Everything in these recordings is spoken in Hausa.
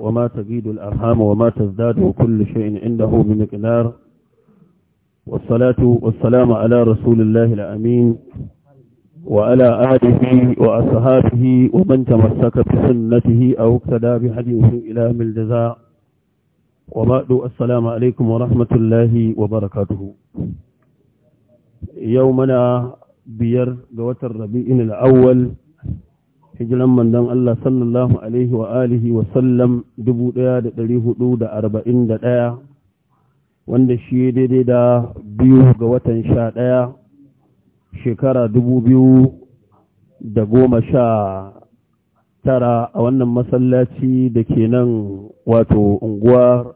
وما تجيد الأرحام وما تزداد وكل شيء عنده بمقدار والصلاة والسلام على رسول الله الأمين وعلى آله وأصحابه ومن تمسك بسنته أو اقتدى بحديث إلى من الجزاء وبعد السلام عليكم ورحمة الله وبركاته يومنا بير بوتر الربيع الأول hijiran mandan Allah sallallahu Alaihi wa alihi wa sallam ɗaya, wanda shi daidai da biyu ga watan sha ɗaya shekara dubu biyu da goma sha tara a wannan masallaci da ke nan wato unguwar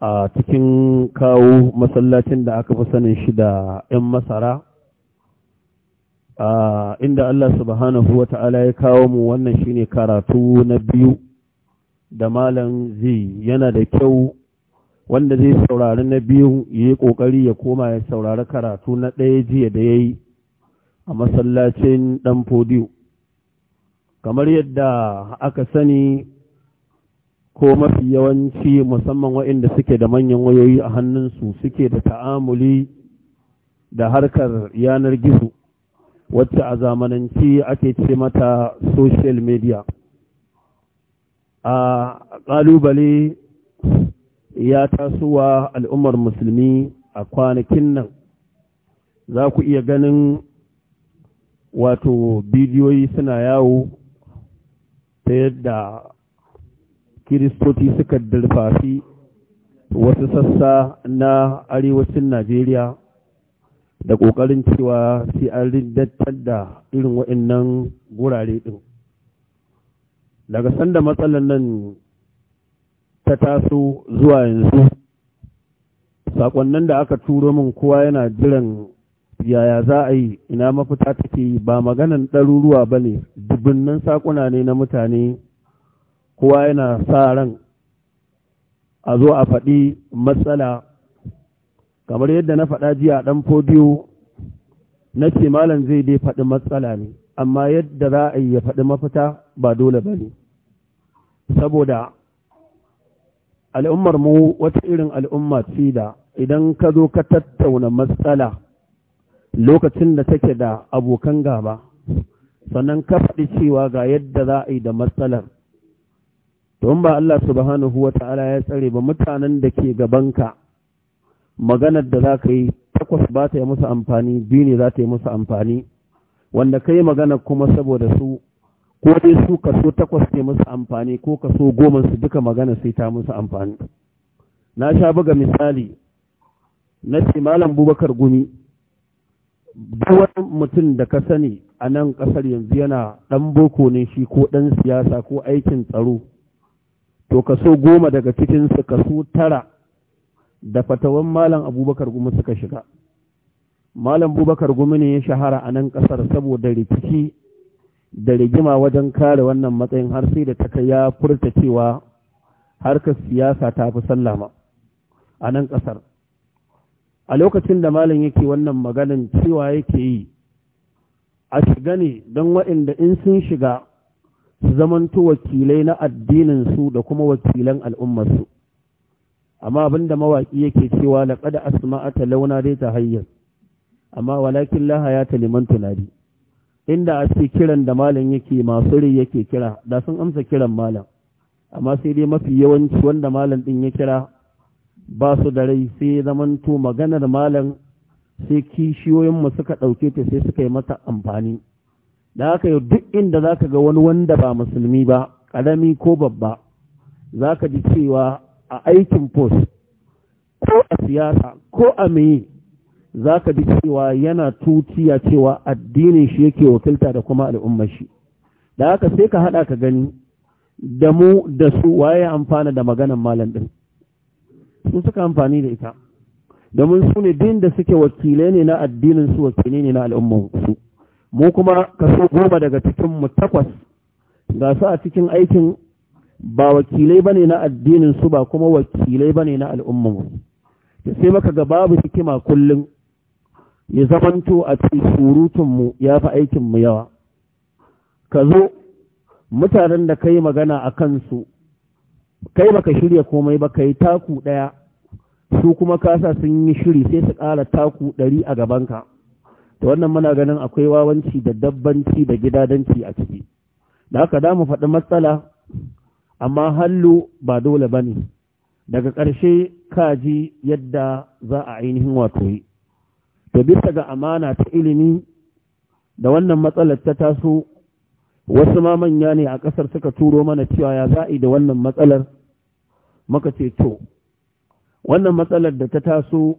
a cikin kawo masallacin da aka fi sanin shi da 'yan masara inda Allah subhanahu wa ta'ala ya kawo mu wannan shi ne karatu na biyu da malam zai yana da kyau wanda zai saurari na biyu ya yi ƙoƙari ya koma ya saurari karatu na ɗaya jiya da ya yi a masallacin ɗan fodiyo kamar yadda aka sani ko mafi yawanci musamman waɗanda suke da manyan wayoyi a hannunsu suke da ta'amuli da harkar yanar gizo wacce a zamananci ake ce mata social media a ƙalubale ya tasowa al'ummar musulmi a kwanakin nan za ku iya ganin wato bidiyoyi suna yawo ta yadda kiristoci suka dalfafi wasu sassa na arewacin najeriya da ƙoƙarin cewa sai an riddattar da irin waɗannan gurare ɗin daga sanda matsalar nan ta taso zuwa yanzu saƙonnan da aka turo min kowa yana jiran yaya za a yi ina mafita take yi ba maganan ɗaruruwa ba ne dubunnan saƙuna ne na mutane kowa yana sa ran a zo a faɗi matsala kamar yadda na faɗa jiya ɗan fodiyo na ce malam zai dai faɗi matsala ne amma yadda za a yi ya faɗi mafita ba dole ba ne saboda al'ummar mu wata irin al'umma ce da idan ka zo ka tattauna matsala lokacin da take da abokan gaba sannan ka faɗi cewa ga yadda za a yi da matsalar in ba Allah subhanahu wa ta'ala ya tsare ba mutanen da ke gabanka maganar da za ka yi takwas ba ta yi musu amfani biyu ne za ta yi musu amfani wanda ka yi magana kuma saboda su ko dai su kaso takwas ne musu amfani ko kaso goma su duka magana sai ta musu amfani na sha buga misali na ce malam bubakar gumi duwar mutum da ka sani a nan ƙasar yanzu yana ɗan boko ne shi ko ɗan siyasa ko aikin tsaro to kaso goma daga cikinsu kaso tara da fatawan malam abubakar gumi suka shiga malam abubakar gumi ne ya shahara a nan ƙasar saboda rikici da rigima wajen kare wannan matsayin har sai da ta kai ya furta cewa harkar siyasa ta fi sallama a nan ƙasar a lokacin da malam yake wannan maganin cewa yake yi a shiga ne don waɗanda in sun shiga su zamanto wakilai na addinin su da kuma wakilan al'ummarsu amma abinda mawaki yake cewa asma'a ta launa dai ta hayyar amma walakin la hayata liman tunadi inda a kiran da malam yake masu rai yake kira da sun amsa kiran malam amma sai dai mafi yawanci wanda malam din ya kira ba su da rai sai zamanto maganar malam sai kishiyoyinmu suka ɗauke ta sai suka yi mata amfani da haka yau duk inda zaka ga wani wanda ba musulmi ba karami ko babba zaka ka ji cewa a aikin post ko a siyasa ko a meye za ka ji cewa yana tutiya cewa addinin shi yake wakilta da kuma al'ummar shi da haka sai ka haɗa ka gani da mu da su waye amfana da maganan malam ɗin su suka amfani da ita domin su ne din da suke wakilai ne na addinin su wakilai ne na al'ummar su mu kuma kaso goma daga cikin mu takwas ga su a cikin aikin ba wakilai bane na addinin su ba kuma wakilai bane na al'umma mu sai maka ga babu hikima kullum ya zamanto a cikin surutun mu ya aikin mu yawa ka zo mutanen da kai magana a kansu kai baka shirya komai ba kai taku ɗaya. su kuma kasa sun yi shiri sai su ƙara taku ɗari a gabanka Da wannan muna ganin akwai wawanci da dabbanci da gidadanci a ciki da haka da mu faɗi matsala amma hallu ba dole ba ne daga ƙarshe kaji yadda za a ainihin wato yi to bisa ga amana ta ilimi da wannan matsalar ta taso wasu ma manya ne a ƙasar suka turo mana cewa ya za'i da wannan matsalar maka ce to wannan matsalar da ta taso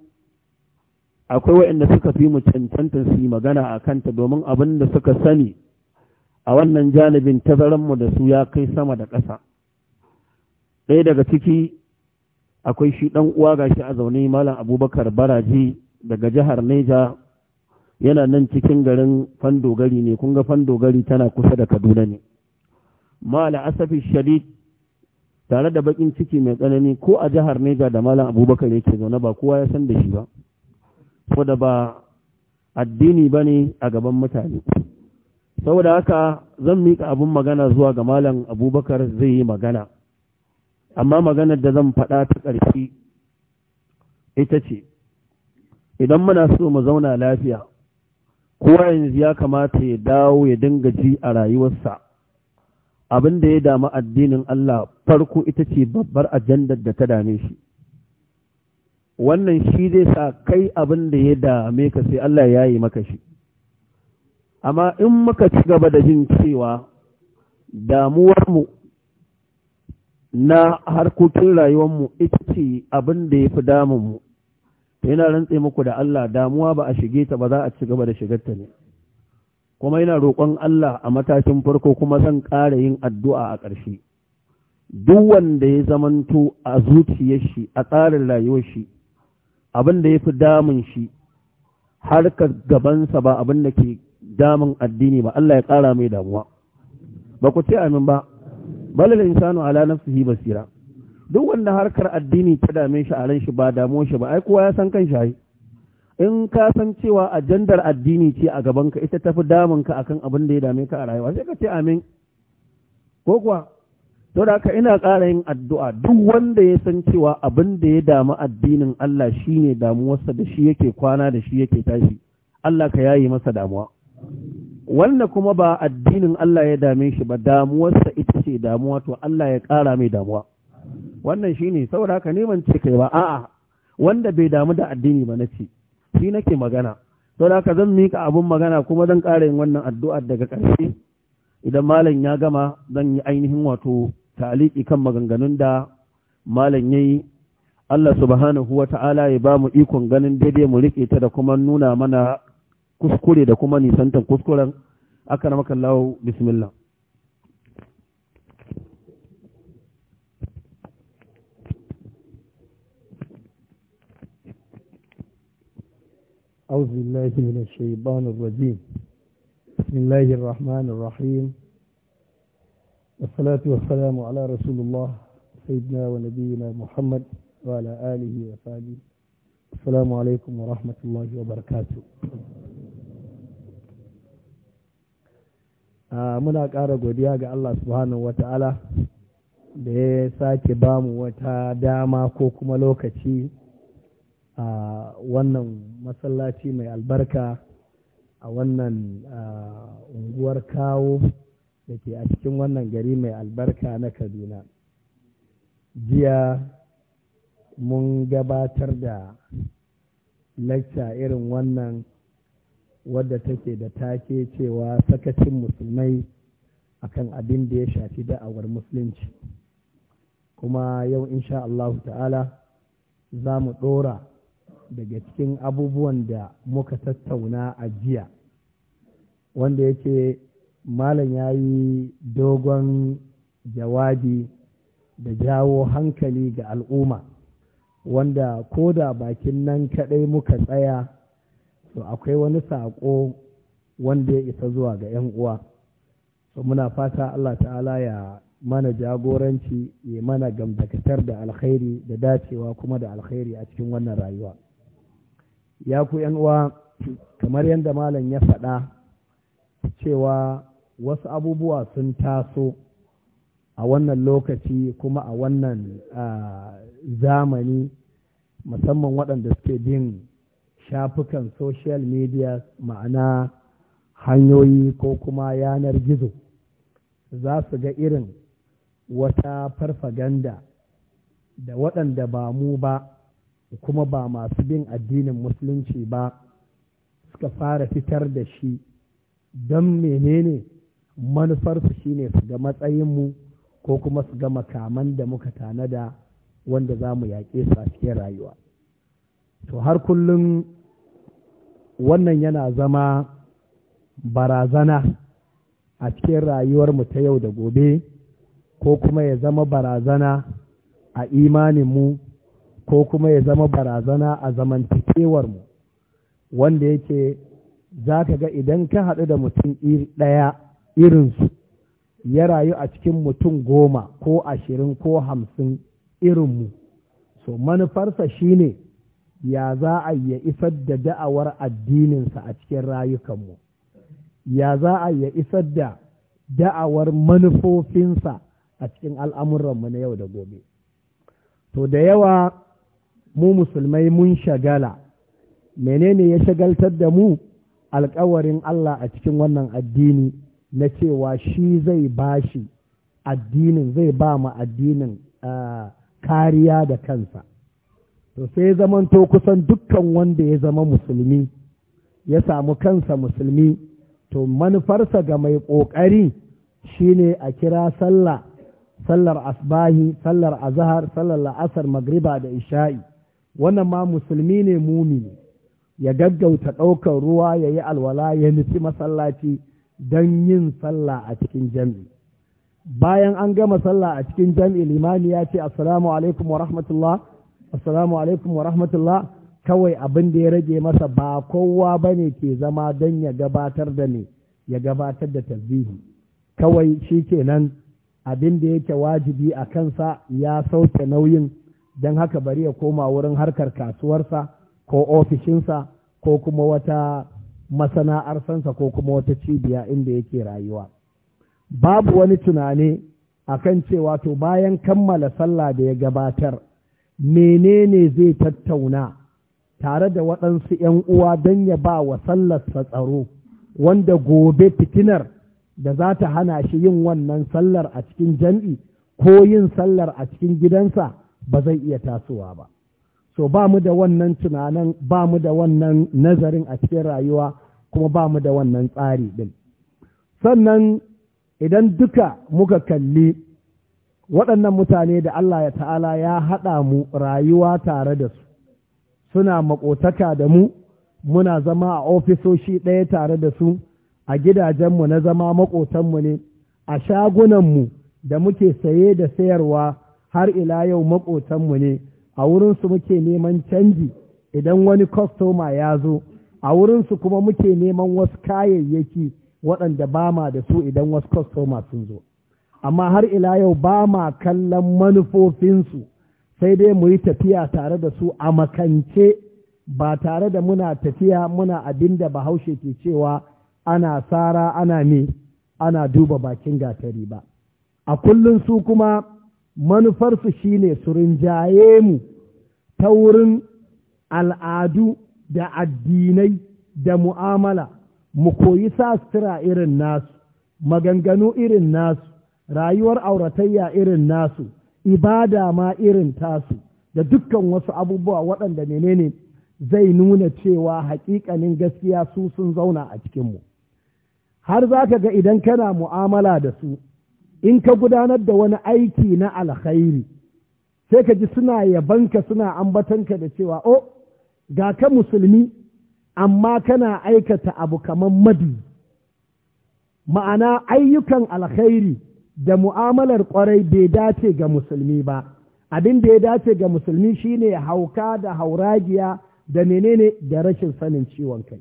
akwai waɗanda suka fi mu cancanta su yi magana a kanta domin abin da suka sani a wannan janibin tazaranmu da su ya kai sama da ƙasa ɗaya daga ciki akwai shi ɗan uwa gashi a zaune malam abubakar baraji daga jihar neja yana nan cikin garin fandogari ne kun ga fandogari tana kusa da kaduna ne mala asafi shadid tare da bakin ciki mai tsanani ko a jihar neja da malam abubakar yake zaune ba kowa ya san da shi ba ko da ba addini ba ne a gaban mutane saboda haka zan miƙa abin magana zuwa ga malam abubakar zai yi magana amma maganar da zan faɗa ta ƙarfi ita ce idan muna so mu zauna lafiya kowa yanzu ya kamata ya dawo ya dinga ji a rayuwarsa abin da ya damu addinin Allah farko ita ce babbar ajandar da ta dame shi wannan shi zai sa kai abin da ya dame ka sai Allah ya yi maka shi amma in muka ci gaba da jin cewa damuwarmu na harkokin mu ita ce abin da ya fi damunmu to yana rantse muku da Allah damuwa ba a shige ta ba za a ci gaba da shigarta ne kuma yana roƙon Allah a matakin farko kuma zan ƙara yin addu'a a ƙarshe duk wanda ya zamanto a zuciyar shi a tsarin rayuwar shi abin da ya fi damun shi harkar gabansa ba abin da ke damun addini ba Allah ya ƙara mai damuwa ba ku ce amin ba balal insanu ala nafsihi basira duk wanda harkar addini ta dame shi a ran shi ba damo shi ba ai kowa ya san kan shi in ka san cewa ajandar addini ce a gaban ka ita tafi damun ka akan abin da ya dame ka a rayuwa sai ka ce amin ko kuwa to da haka ina ƙara yin addu'a duk wanda ya san cewa abin da ya damu addinin Allah shine damuwarsa da shi yake kwana da shi yake tashi Allah ka yayi masa damuwa wanda kuma ba addinin Allah ya dame shi ba damuwarsa ita ce damuwa to Allah ya ƙara mai damuwa wannan shi ne saboda haka neman ce kai ba a'a wanda bai damu da addini ba na ce shi nake magana saboda haka zan mika abin magana kuma zan ƙara yin wannan addu'ar daga ƙarshe idan malam ya gama zan yi ainihin wato taliki kan maganganun da malam ya yi. Allah subhanahu wa ta'ala ya ba mu ikon ganin daidai mu riƙe ta da kuma nuna mana kuskure da kuma nisantan kuskuren aka na makallawo bismillah أعوذ بالله من الشيطان الرجيم بسم الله الرحمن الرحيم والصلاة والسلام على رسول الله سيدنا ونبينا محمد وعلى آله وصحبه السلام عليكم ورحمة الله وبركاته Ah, muna ƙara godiya ga Allah subhanahu wata'ala da ya sake bamu wata dama ko kuma lokaci a wannan masallaci mai albarka a wannan ah, unguwar kawo da ke a cikin wannan gari mai albarka na kaduna jiya mun gabatar da lacca irin wannan wadda take da take cewa sakacin musulmai akan abin da ya shafi da'awar musulunci kuma yau insha Allah ta'ala za mu ɗora daga cikin abubuwan da muka tattauna a jiya wanda yake malam ya yi dogon jawabi da jawo hankali ga al'umma wanda ko da bakin nan kaɗai muka tsaya to akwai wani saƙo wanda ya isa zuwa ga 'yan uwa to muna fata Allah ta'ala ya mana jagoranci ya mana gamdakatar da alkhairi da dacewa kuma da alkhairi a cikin wannan rayuwa ya ku 'yan uwa kamar yadda malam ya faɗa cewa wasu abubuwa sun taso a wannan lokaci kuma a wannan ah, zamani musamman waɗanda suke bin shafukan social media ma'ana hanyoyi ko kuma yanar gizo za su ga irin wata farfaganda da waɗanda ba mu ba kuma ba masu bin addinin musulunci ba suka fara fitar da shi don menene manufarsu shine su ga matsayinmu ko kuma su ga makaman da muka tanada wanda za mu yaƙe su rayuwa to har kullum wannan yana zama barazana a cikin rayuwar mu ta yau da gobe ko kuma ya zama barazana a imaninmu ko kuma ya zama barazana a mu wanda yake za ka ga idan ka haɗu da mutum ɗaya irinsu ya rayu a cikin mutum goma ko ashirin ko hamsin irinmu so manufarsa shine ya za a ya isar da da'awar addininsa a cikin rayukanmu ya za a ya isar da da'awar manufofinsa a cikin al'amuranmu na yau da gobe to da yawa mu musulmai mun shagala menene ya shagaltar da mu alkawarin Allah a cikin wannan addini na cewa shi zai bashi addinin zai ba mu addinin ah, kariya da kansa to sai zamanto kusan dukkan wanda ya zama musulmi ya samu kansa musulmi to manufarsa ga mai ƙoƙari shine a kira sallah sallar asbahi sallar azahar sallar la'asar magriba da isha'i wannan ma musulmi ne mumini ya gaggauta ɗaukar ruwa ya yi alwala ya nufi masallaci don yin sallah a cikin jam'i bayan an gama sallah a cikin jam'i limani ya ce assalamu alaikum wa rahmatullah assalamu alaikum wa rahmatullah kawai abin da ya rage masa ba kowa ba ne ke zama don ya gabatar da ne ya gabatar da tasbihi kawai shi ke nan abin da yake wajibi a kansa ya sauke nauyin don haka bari ya koma wurin harkar kasuwarsa ko ofishinsa ko kuma wata masana'arsansa ko kuma wata cibiya inda yake rayuwa babu wani tunani akan cewa to bayan kammala sallah da ya gabatar menene zai tattauna tare da waɗansu ‘yan uwa don ya ba wa sallarsa tsaro wanda gobe fitinar da za ta hana shi yin wannan sallar a cikin jam'i ko yin sallar a cikin gidansa ba zai iya tasowa ba. So ba mu da wannan tunanin ba mu da wannan nazarin a cikin rayuwa kuma ba mu da wannan tsari din? Sannan idan duka muka kalli waɗannan mutane da Allah ya ta'ala ya haɗa mu rayuwa tare da su suna maƙotaka da mu muna zama a ofisoshi ɗaya tare da su a gidajenmu na zama maƙotanmu ne a shagunanmu da muke saye da sayarwa har ila yau maƙotanmu ne a wurinsu muke neman canji idan wani kwastoma ya zo a wurinsu kuma muke neman wasu kayayyaki waɗanda ba ma da su idan wasu kwastoma sun zo amma har ila yau ba ma kallon manufofinsu sai dai mu yi tafiya tare da su a makance ba tare da muna tafiya muna abin da bahaushe ke cewa ana tsara ana ne ana duba bakin gatari ba a kullum su kuma manufarsu shine su rinjaye mu ta wurin al'adu da addinai da mu'amala mu koyi sasira irin nasu maganganu irin nasu rayuwar auratayya irin nasu ibada ma irin tasu da dukkan wasu abubuwa waɗanda menene zai nuna cewa haƙiƙanin gaskiya su sun zauna a cikinmu har za ka ga idan kana mu'amala da su in ka gudanar da wani aiki na alkhairi sai ka ji suna yabanka suna ambatanka da cewa o oh, ga ka musulmi amma kana aikata abu kamar madi ma'ana ayyukan alkhairi da mu'amalar ƙwarai bai dace ga musulmi ba abin da ya dace ga musulmi shine hauka da hauragiya da menene da rashin sanin ciwon kai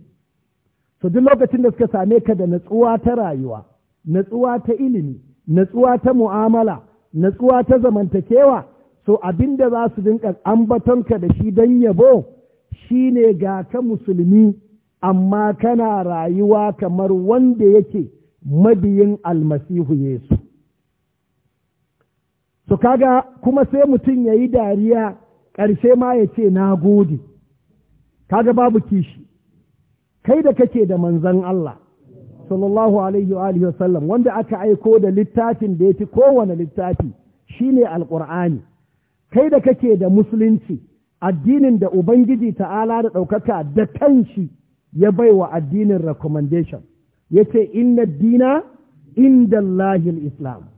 so duk lokacin da suka same ka da natsuwa ta rayuwa natsuwa ta ilimi natsuwa ta mu'amala natsuwa ta zamantakewa so abin da za su dinka ambatonka da shi don yabo shine ga ka musulmi amma kana rayuwa kamar wanda yake mabiyin almasihu yesu to kaga kuma sai mutum ya yi dariya ƙarshe ma ya ce na gode kaga babu kishi kai da kake da manzan Allah sallallahu alaihi wa alihi wanda aka aiko da littafin da ya fi kowane littafi shine alqur'ani kai da kake da musulunci addinin da ubangiji ta'ala da ɗaukaka da kanshi ya baiwa addinin recommendation yace inna dina inda Allahil islam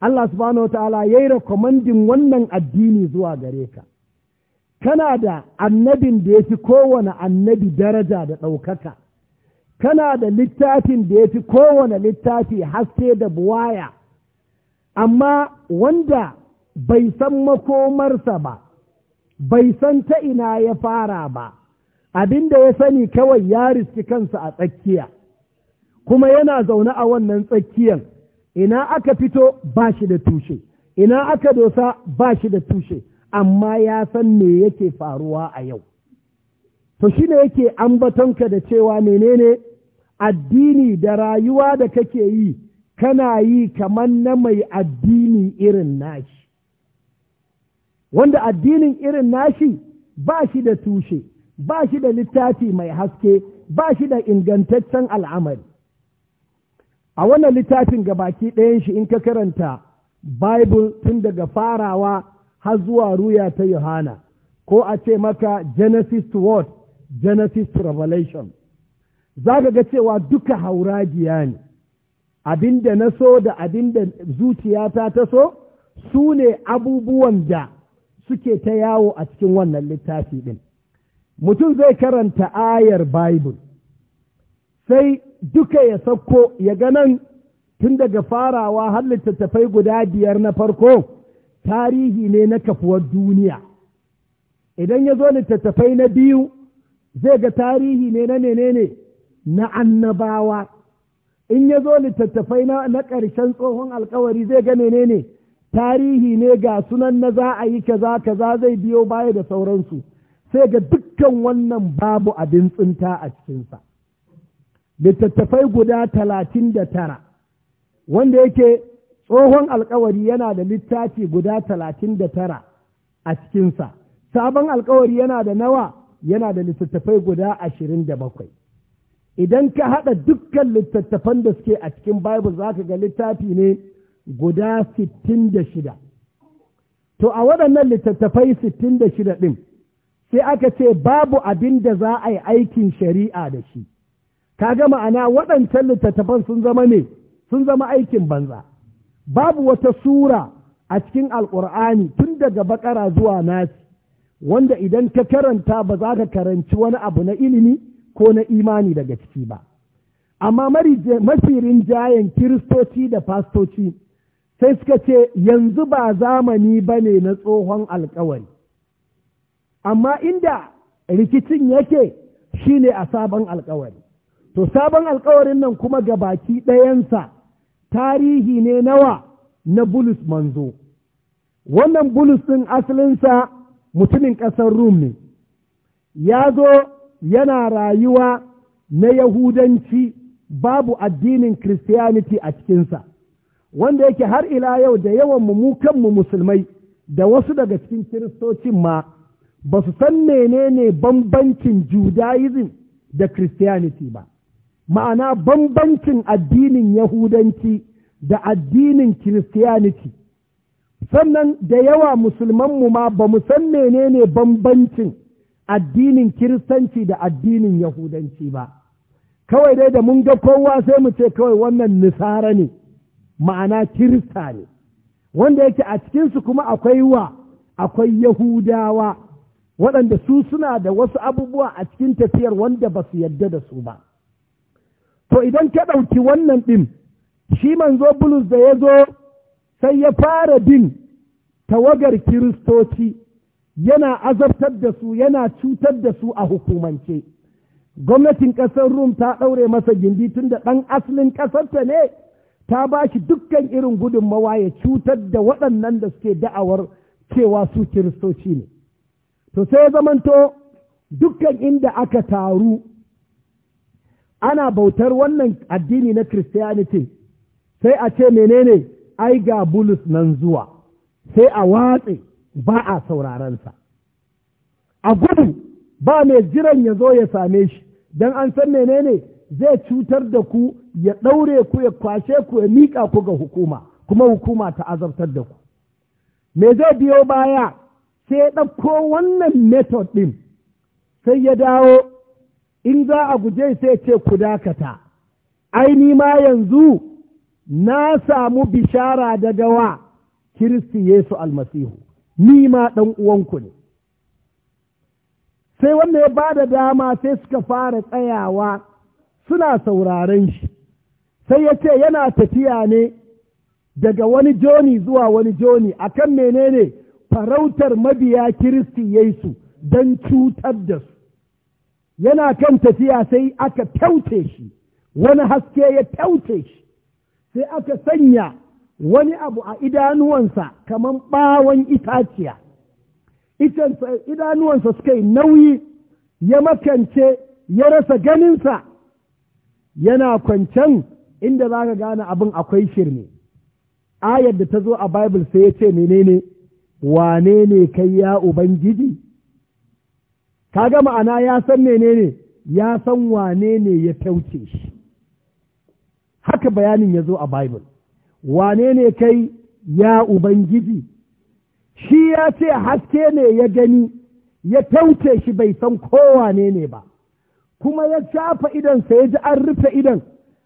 Allah subhanahu wa ta'ala ya yi rekomandin wannan addini zuwa gare ka. Kana da annabin da ya fi kowane annabi daraja da ɗaukaka, kana da littafin da ya fi kowane littafi haske da buwaya, amma wanda bai san makomarsa ba, bai san ta ina ya fara ba, abin da ya sani kawai ya riski kansa a tsakiya, kuma yana zaune a wannan tsakiyan. ina aka fito ba shi da tushe ina aka dosa ba shi da tushe amma ya san me yake faruwa a yau to shi ne yake ambatonka da cewa menene addini da rayuwa da kake yi kana yi kamar na mai addini irin nashi wanda addinin irin nashi ba shi da tushe ba shi da littafi mai haske ba shi da ingantaccen al'amari a wannan littafin ga baki ɗayan shi in ka karanta bible tun daga farawa har zuwa ruya ta yohana ko a ce maka genesis to what genesis to revelation za ka ga cewa duka haura ne abinda na so da abinda zuciyata ta so su ne abubuwan da suke ta yawo a cikin wannan littafi ɗin mutum zai karanta ayar bible sai duka ya sauko ya ganan tun daga farawa har littattafai guda biyar na farko tarihi ne na kafuwar duniya idan ya zo littattafai na biyu zai ga tarihi ne na menene na annabawa in ya zo littattafai na ƙarshen tsohon alkawari zai ga menene tarihi ne ga sunan na za a yi kaza kaza zai biyo baya da sauransu sai ga dukkan wannan babu abin tsinta a cikinsa. littattafai guda talatin da tara wanda yake tsohon alkawari yana da littafi guda talatin da tara a cikinsa sabon alkawari yana da nawa yana da littattafai guda ashirin da bakwai idan ka haɗa dukkan littattafan da suke a cikin bible za ka ga littafi ne guda sittin da shida to a waɗannan littattafai sittin da shida ɗin sai aka ce babu abin da za a yi aikin shari'a da shi ka ga ma'ana waɗancan littattafan sun zama ne sun zama aikin banza babu wata sura a cikin alƙur'ani tun daga bakara zuwa nasi wanda idan ka karanta ba za ka karanci wani abu na ilimi ko na imani daga ciki ba amma mafi jayen kiristoci da fastoci sai suka ce yanzu ba zamani ba ne na tsohon alkawari amma inda rikicin yake shine a sabon alkawari to sabon alkawarin nan kuma ga baki ɗayansa tarihi ne nawa na bulus manzo wannan bulus ɗin asalinsa mutumin ƙasar rum ne ya zo yana rayuwa na yahudanci babu addinin christianity a cikinsa wanda yake har ila yau da yawan mu kanmu musulmai da wasu daga cikin kiristocin ma ba su san menene bambancin judaism da christianity ba ma'ana bambancin addinin yahudanci da addinin kiristiyaniti sannan da yawa musulmanmu ma ba mu san menene bambancin addinin kiristanci da addinin yahudanci ba kawai dai da mun ga kowa sai mu ce kawai wannan nisara ne ma'ana kirista ne wanda yake a cikinsu kuma akwai wa akwai yahudawa waɗanda su suna da wasu abubuwa a cikin tafiyar wanda ba su yarda da su ba to idan ka ɗauki wannan ɗin shi manzo bulus da ya zo sai ya fara bin tawagar kiristoci yana azabtar da su yana cutar da su a hukumance gwamnatin ƙasar rum ta ɗaure masa gindi tun da ɗan asalin ƙasarta ne ta ba shi dukkan irin gudunmawa ya cutar da waɗannan da suke da'awar cewa su kiristoci ne to sai ya zamanto dukkan inda aka taru ana bautar wannan addini na Christianity sai a ce menene ai ga bulus nan zuwa sai a watse ba a saurarensa a gudu ba mai jiran ya zo ya same shi don an san menene zai cutar da ku ya ɗaure ku ya kwashe ku ya miƙa ku ga hukuma kuma hukuma ta azabtar da ku me zai biyo baya sai ya ɗauko wannan method ɗin sai ya dawo in za a guje sai ce ku dakata ai ni ma yanzu na samu bishara da dawa Kiristi Yesu almasihu ni ma ɗan uwanku ne sai wanda ya ba da dama sai suka fara tsayawa suna sauraren shi sai ya ce yana tafiya ne daga wani joni zuwa wani joni akan menene farautar mabiya kiristi yesu don cutar da su yana kan tafiya sai aka taute shi wani haske ya taute shi sai aka sanya wani abu a idanuwansa kamar ɓawon itaciya idanuwansa suka yi nauyi ya makance ya rasa ganinsa yana kwancen inda za ka gane abin akwai shirme ayar da ta zo a bible sai ya ce menene wane ne kai ya ubangiji Ka ga ma'ana ya san menene ya san wane ne ya kyauce shi haka bayanin ya zo a bible wane ne kai ya ubangiji shi ya ce haske ne ya gani ya kyauce shi bai san kowane ne ba kuma ya shafa idan sai ji an rufe idan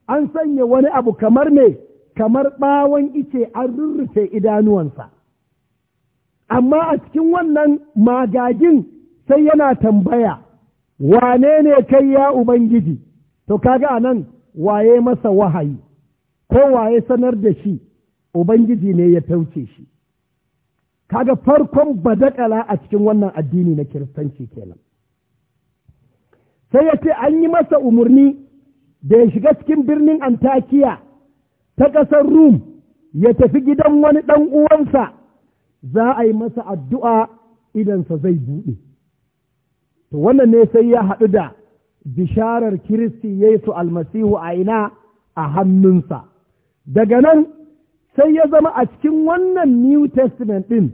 an sanya wani abu kamar me kamar ɓawon ice an rurrufe idanuwansa amma a cikin wannan magagin sai yana tambaya wane ne kai ya ubangiji to kaga a nan waye masa wahayi ko waye sanar da shi ubangiji ne ya tauce shi kaga farkon badakala a cikin wannan addini na kiristanci kenan sai ya ce an yi masa umarni da ya shiga cikin birnin antakiya ta ƙasar rum ya tafi gidan wani ɗan uwansa za a yi masa addu'a idansa zai buɗe. to wannan ne sai ya haɗu da bisharar kiristi yesu almasihu a ina a hannunsa daga nan sai ya zama a cikin wannan new testament ɗin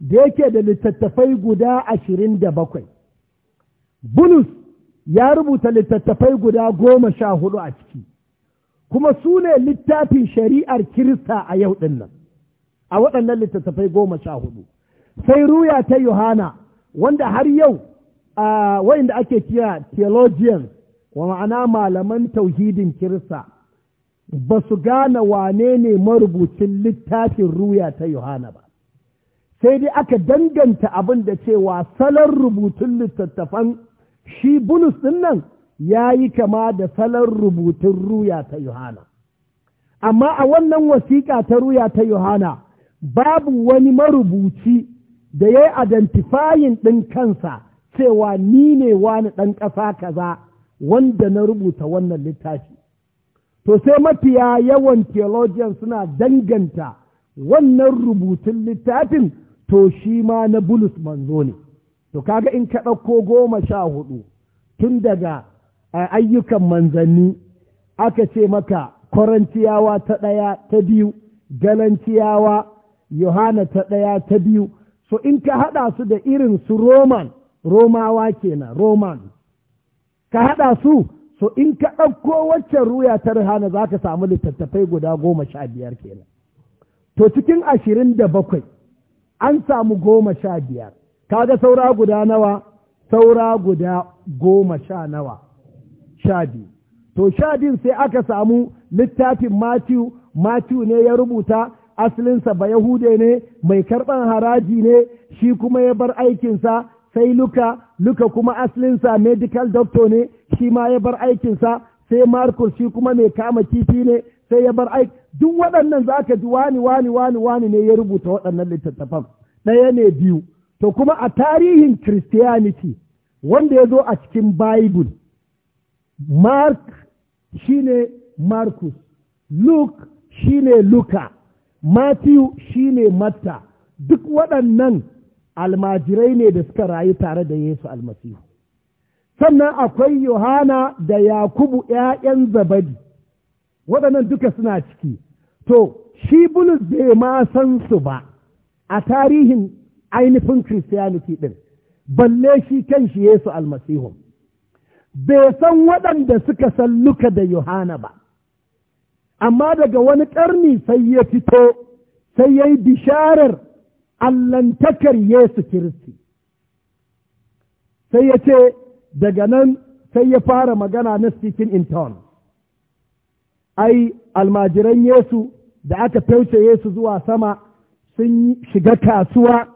da yake da littattafai guda ashirin da bakwai bulus ya rubuta littattafai guda goma sha hudu a ciki kuma su ne littafin shari'ar kirista a yau ɗin nan a waɗannan littattafai goma sha hudu sai ruya ta yohana wanda har yau a wa'inda ake kira theologian wa ma'ana malaman tauhidin kirista ba su gane wane ne marubucin littafin ruya ta yohana ba sai dai aka danganta abin da cewa salon rubutun littattafan shi bulus din nan ya yi kama da salon rubutun ruya ta yohana amma a wannan wasiƙa ta ruya ta yohana babu wani marubuci da ya yi identifying ɗin kansa cewa ni ne wani ɗan ƙasa kaza wanda na rubuta wannan littafi. To sai mafiya yawan theologian suna danganta wannan rubutun littafin to shi ma na bulus manzo ne. To kaga in ka ɗauko goma sha hudu tun daga ayyukan manzanni aka ce maka Korintiyawa ta ɗaya ta biyu, galantiyawa Yohana ta ɗaya ta biyu. So in ka haɗa su da irin su Roman. romawa kenan roman ka haɗa su so in ka ɗauko waccan ruya ta rihana za ka samu littattafai guda goma sha biyar kenan to cikin ashirin da bakwai an samu goma sha biyar ga saura guda nawa saura guda goma sha nawa sha biyu to sha biyu sai aka samu littafin Matthew Matthew ne ya rubuta asalinsa ba Yahude ne mai karɓar haraji ne shi kuma ya bar aikinsa sai luka luka kuma aslinsa medical doctor ne shi ma ya bar aikinsa sai markus shi kuma mai kama kifi ne sai ya bar aiki duk waɗannan za ka ji wani wani wani wani ne ya rubuta waɗannan littattafan ɗaya ne biyu to kuma a tarihin christianity wanda ya zo a cikin bible mark shi ne marcus luke shi ne luka matthew shi ne matta duk waɗannan almajirai ne da suka rayu tare da Yesu almasihu. Sannan akwai Yohana da Yakubu ‘ya'yan zabadi, waɗannan duka suna ciki. To, shi Bulus bai ma san su ba a tarihin ainihin Christianity ɗin, balle shi kan shi Yesu almasihu. Bai san waɗanda suka san Luka da Yohana ba, amma daga wani ƙarni sai ya fito, sai ya yi bisharar allantakar Yesu Kiristi. Sai ya ce, daga nan sai ya fara magana na speaking in tongues. Ai, almajiran Yesu da aka fauce Yesu zuwa sama sun shiga kasuwa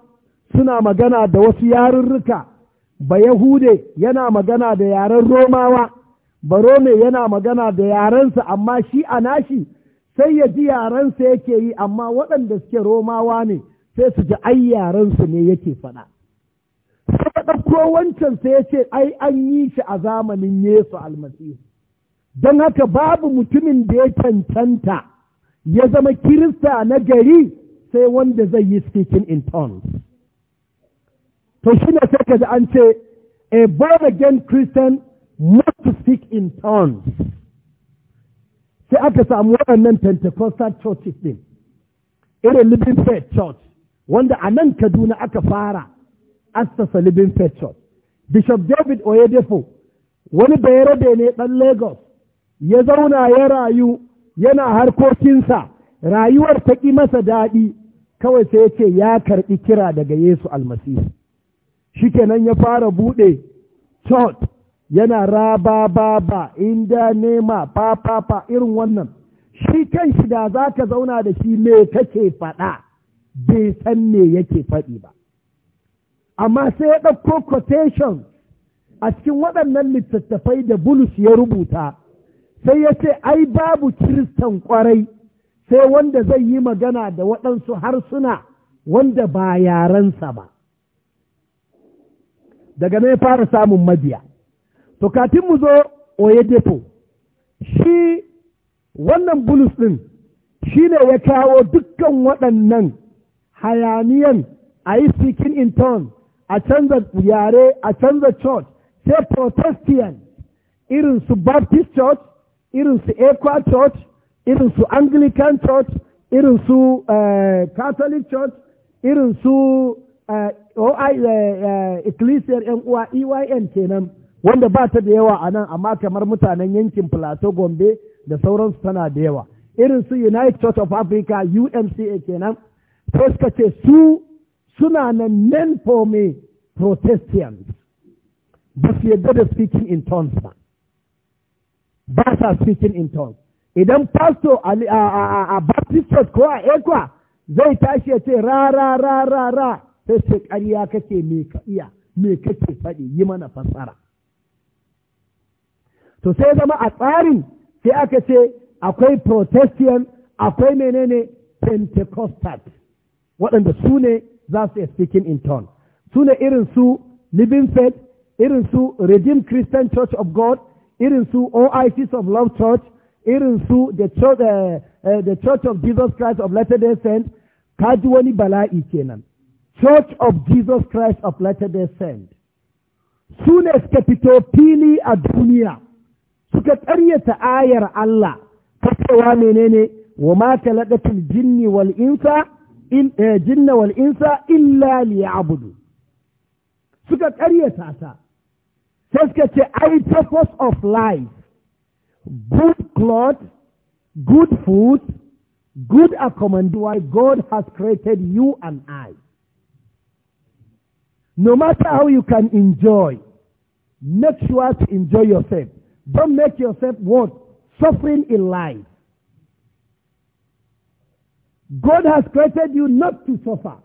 suna magana da wasu yarurruka, ba Yahude yana magana da yaren Romawa, ba Rome yana magana da yarensa amma shi a nashi sai ya ji yarensa yake yi amma waɗanda suke Romawa ne sai su ji ai yaransu ne yake faɗa. Sai ɗauko wancan sai ya ce ai an yi shi a zamanin Yesu almasihu. Don haka babu mutumin da ya cancanta ya zama Kirista na gari sai wanda zai yi speaking in tongues. To shi ne sai ji an ce a born again Christian must speak in tongues. Sai aka samu waɗannan Pentecostal churches ɗin, irin Living Faith Church, wanda a nan Kaduna aka fara assasa Living Petrol. Bishop David Oyedepo wani bayarabe ne ɗan Lagos ya zauna ya rayu yana harkokinsa rayuwar ta ƙi masa daɗi kawai sai ya ce ya karɓi kira daga Yesu almasihu. Shikenan ya fara buɗe church yana raba baba inda nema ba irin wannan shi kan shi da za ka zauna da shi me kake faɗa bai san me yake faɗi ba amma sai ya ɗauko quotation a cikin waɗannan littattafai da bulus ya rubuta sai ya ce ai babu kiristan ƙwarai sai wanda zai yi magana da waɗansu harsuna wanda ba yarensa ba daga nan ya fara samun mabiya to katin mu zo oyedepo shi wannan bulus ɗin shi ne ya kawo dukkan waɗannan hayaniyan a yi speaking in tongues a canza yare a canza church sai protestian irin su baptist church irin su equa church irin su anglican church irin su eh, catholic church irin su eh, eh, ecclesiar yan uwa eyn kenan wanda ba ta da yawa a nan amma kamar mutanen yankin plateau gombe da sauransu tana da yawa irin su united church of africa umca kenan to suka ce su suna nan nan for me protestants ba su yadda da speaking in tongues ba ba sa speaking in tongues idan pastor a baptist church ko a ekwa zai tashi ya ce ra ra ra ra ra sai ce ƙarya kake me ka iya me kake faɗi yi mana fassara to sai zama a tsarin sai aka ce akwai protestant akwai menene pentecostals waɗanda su ne za su speaking in turn su ne irin su living faith irin su redeemed christian church of god irin su oics of love church irin su the church, uh, uh, the church of jesus christ of latter day saints kaji wani bala'i kenan church of jesus christ of latter day saints su ne suka fito fili a duniya suka ƙaryata ayar allah kasewa menene wa ma kalaqatul jinni wal insa Eh, jinna wal insa illa liya'budu suka karyata ta sai suka ce ai purpose of life good cloth, good food good accommodation why God has created you and I no matter how you can enjoy make sure to enjoy yourself don't make yourself what suffering in life God has created you not to suffer,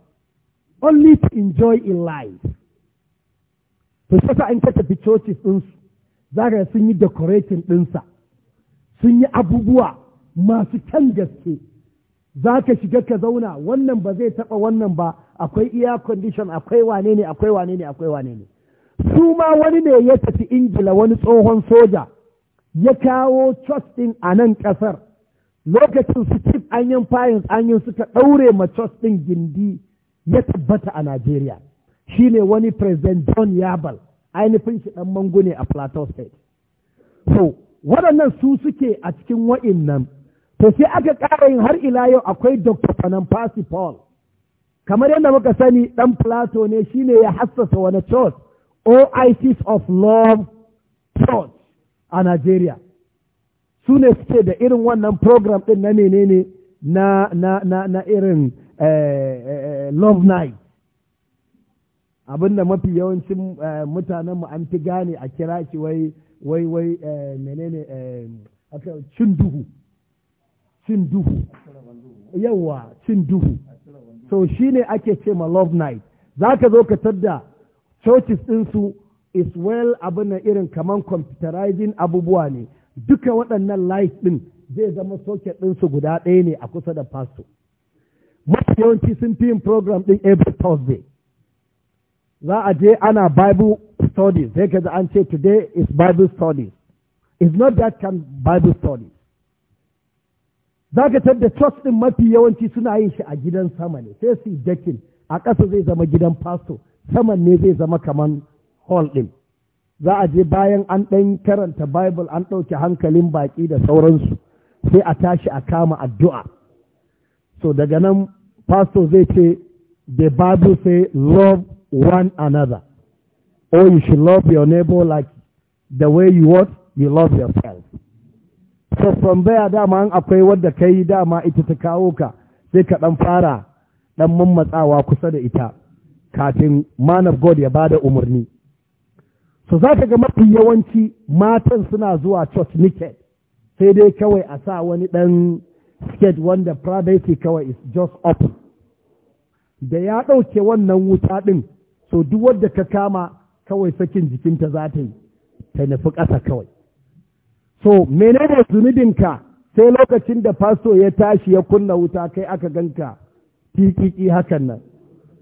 only to enjoy in life. To suffer in ka tafi churches ɗinsu, za sun yi decorating ɗinsa, sun yi abubuwa masu can gaske. Za ka shiga ka zauna, wannan ba zai taɓa wannan ba, akwai air condition, akwai wane ne, akwai wane ne, akwai wane ne. Su ma wani ne ya tafi Ingila wani tsohon soja, ya kawo trust ɗin a nan ƙasar. lokacin su cif anyan fayin anyan suka ɗaure machos ɗin gindi ya tabbata a Najeriya shi ne wani President John Yabal ainihin shi ɗan mangu ne a Plateau State. So, waɗannan su suke a cikin wa'in nan. to sai aka ƙara yin har ila yau akwai Dr. Fanamfasi Paul. Kamar yadda muka sani ɗan Plateau ne shi ne ya hassasa wani church, OICs of Love Church a Najeriya. su ne suke da irin wannan program ɗin na menene na na na na irin eh, eh, eh, love night abinda mafi yawancin mutanen mu an fi gane a kira shi wai wai wai menene cin duhu cin duhu yawa cin duhu so shine ake ce ma love night za ka zo ka tadda churches ɗinsu is well abin irin kaman computerizing abubuwa ne duka waɗannan light ɗin zai zama socket ɗinsu guda ɗaya ne a kusa da fasto mafi yawanci sun fi yin program ɗin every thursday za a je ana bible studies zai ka an ce today is bible studies it's not that kind bible studies za ka da church ɗin mafi yawanci suna yin shi a gidan sama ne sai su yi a ƙasa zai zama gidan fasto saman ne zai zama kaman hall ɗin. za a je bayan an ɗan karanta bible an ɗauke hankalin baƙi da sauransu sai a tashi a kama addu'a so daga nan pastor zai ce the bible say love one another Oh you should love your neighbor like the way you want, you love yourself so from there dama an akwai wadda ka yi dama ita ta kawo ka sai ka ɗan fara ɗan mammatsawa kusa da ita kafin man of God ya bada umarni so za ka ga mafi yawanci matan suna zuwa church naked sai dai kawai a sa wani ɗan sked wanda privacy kawai is just up da ya ɗauke wannan wuta ɗin so duk wadda ka kama kawai sakin jikinta za ta yi ta nufi ƙasa kawai so menene zunubinka sai lokacin da fasto ya tashi ya kunna wuta kai aka ganka ƙiƙiƙi hakan nan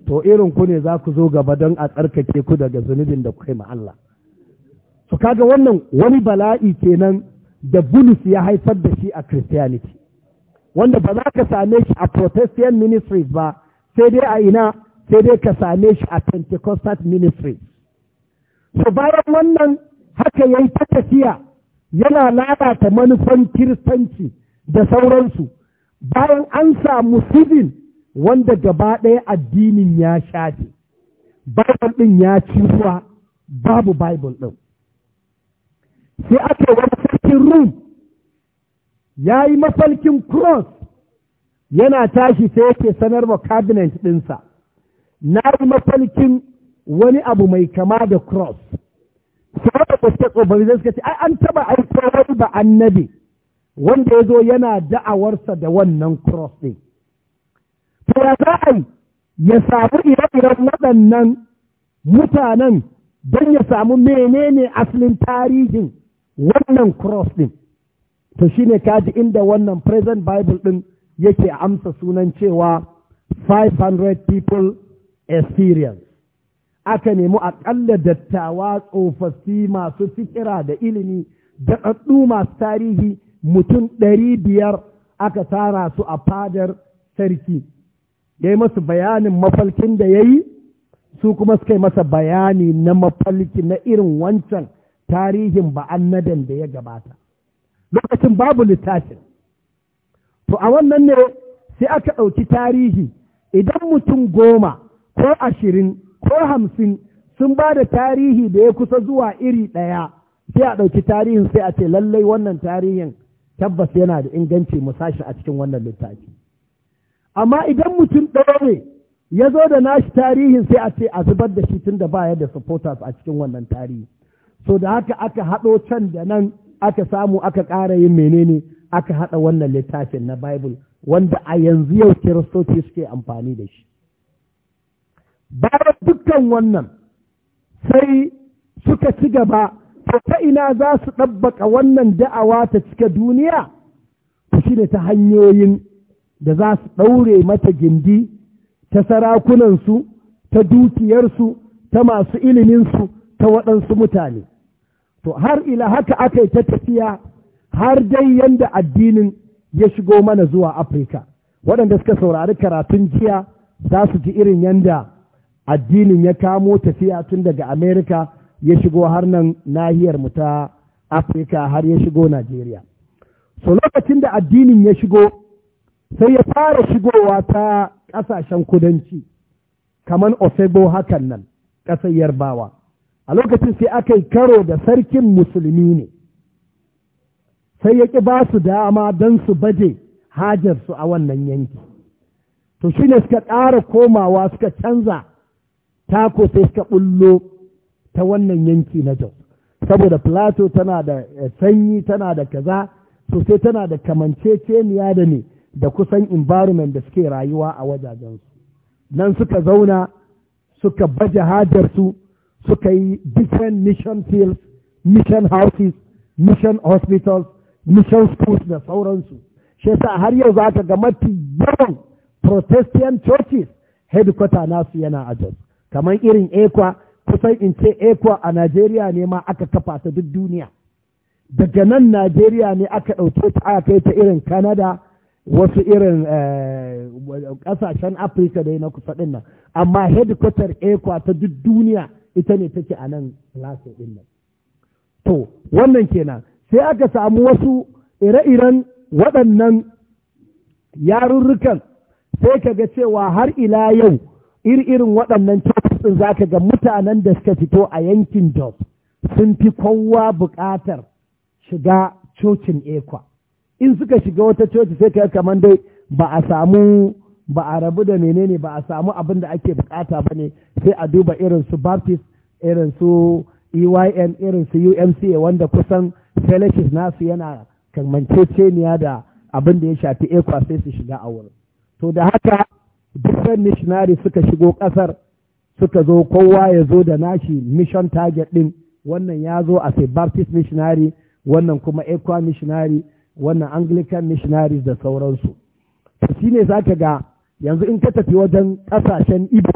to irin ku ne za ku zo gaba don a tsarkake ku daga zunubin da ku kai ma Allah to kaga wannan wani bala'i kenan da bulus ya haifar da shi a christianity wanda ba za ka same shi a protestant ministries ba sai dai a ina sai dai ka same shi a pentecostal ministry so bayan wannan haka yayi ta tafiya yana lalata manufan kiristanci da sauransu bayan an samu civil wanda gaba ɗaya addinin ya shafe bible ɗin ya ci ruwa babu bible ɗin sai ake wani sarkin rum ya yi mafalkin cross yana tashi sai yake sanar wa cabinet ɗinsa na yi mafalkin wani abu mai kama da cross sai da kusa tsofaffi zai suka ce ai an taba aiko wani ba annabi wanda ya zo yana da'awarsa da wannan cross ɗin to ya za a yi ya samu ire-iren waɗannan mutanen don ya samu menene asalin tarihin wannan cross ɗin to shine kaji inda wannan present bible ɗin yake amsa sunan cewa 500 people experience aka nemi aƙalla dattawa tsofaffi masu fikira da ilimi da ɗaɗɗu masu tarihi mutum ɗari biyar aka tara su a fadar sarki ya yi masu bayanin mafalkin da ya yi su kuma suka yi masa bayani na mafalki na irin wancan tarihin ba'annadan da ya gabata lokacin babu littafin to a wannan ne sai aka ɗauki tarihi idan mutum goma ko ashirin ko hamsin sun ba da tarihi da ya kusa zuwa iri ɗaya sai a ɗauki tarihin sai a ce lallai wannan tarihin tabbas yana da inganci mu sashi a cikin wannan littafi amma idan mutum ɗaya ne ya zo da nashi tarihin sai a ce a zubar da shi tun da ba ya da supporters a cikin wannan tarihi so da haka aka haɗo can da nan aka samu aka ƙara yin menene aka haɗa wannan littafin na Bible wanda a yanzu yau kiristoci suke amfani da shi. Bayan dukkan wannan sai suka ci gaba ta ina za su ɗabbaka wannan da'awa ta cika duniya shi ta hanyoyin da za su ɗaure mata gindi ta sarakunansu ta dukiyarsu ta masu iliminsu ta waɗansu mutane to har ila haka aka yi ta tafiya har dai yanda addinin ya shigo mana zuwa afirka waɗanda suka saurari karatun jiya za su ji irin yanda addinin ya kamo tafiya tun daga amerika ya shigo har nan nahiyar mu ta afirka har ya shigo najeriya so lokacin da addinin ya shigo sai ya fara shigowa ta ƙasashen kudanci kamar osebo hakan nan ƙasar yarbawa a lokacin sai aka yi karo da sarkin musulmi ne sai ya ƙi ba su dama don su baje hajarsu a wannan yanki to shi ne suka ƙara komawa suka canza tako sai suka ɓullo ta wannan yanki na jau saboda plato tana da eh, sanyi tana da kaza sosai tana da kamanceceniya da ne da kusan environment da suke rayuwa a wajajensu nan suka zauna suka baje hajarsu suka yi different mission fields mission houses mission hospitals mission schools da sauransu shi yasa har yau za ka ga mafi yawan protestant churches headquarter nasu yana a jos kamar irin ekwa kusan in ce ekwa a najeriya ne ma aka kafa ta duk duniya daga nan najeriya ne aka ɗauke ta aka kai ta irin Kanada wasu irin eh, ƙasashen afirka dai na kusa ɗin nan amma headquarter ekwa ta duk duniya ita ne take a nan lasin ɗin nan. To, wannan kenan sai aka samu wasu ire-iren waɗannan yarurrukan sai ka ga cewa har ila yau irin waɗannan ɗin za ka ga mutanen da suka fito a yankin Jos sun fi kowa buƙatar shiga cocin ekwa. In suka shiga wata coci sai ka kamar dai ba a samu ba a rabu da menene ba a samu abin da ake bukata ba ne sai a duba irin su baptist irin su eyn irin su umca wanda kusan fellowship nasu yana kamanceceniya da abin da ya shafi ekwa sai su shiga a wurin to da haka dukkan missionary suka shigo kasar suka zo kowa ya zo da nashi mission target din wannan ya zo a sai baptist missionary wannan kuma ekwa missionary wannan anglican missionaries da sauransu shi ne za ka ga yanzu in ka tafi wajen ƙasashen Ibo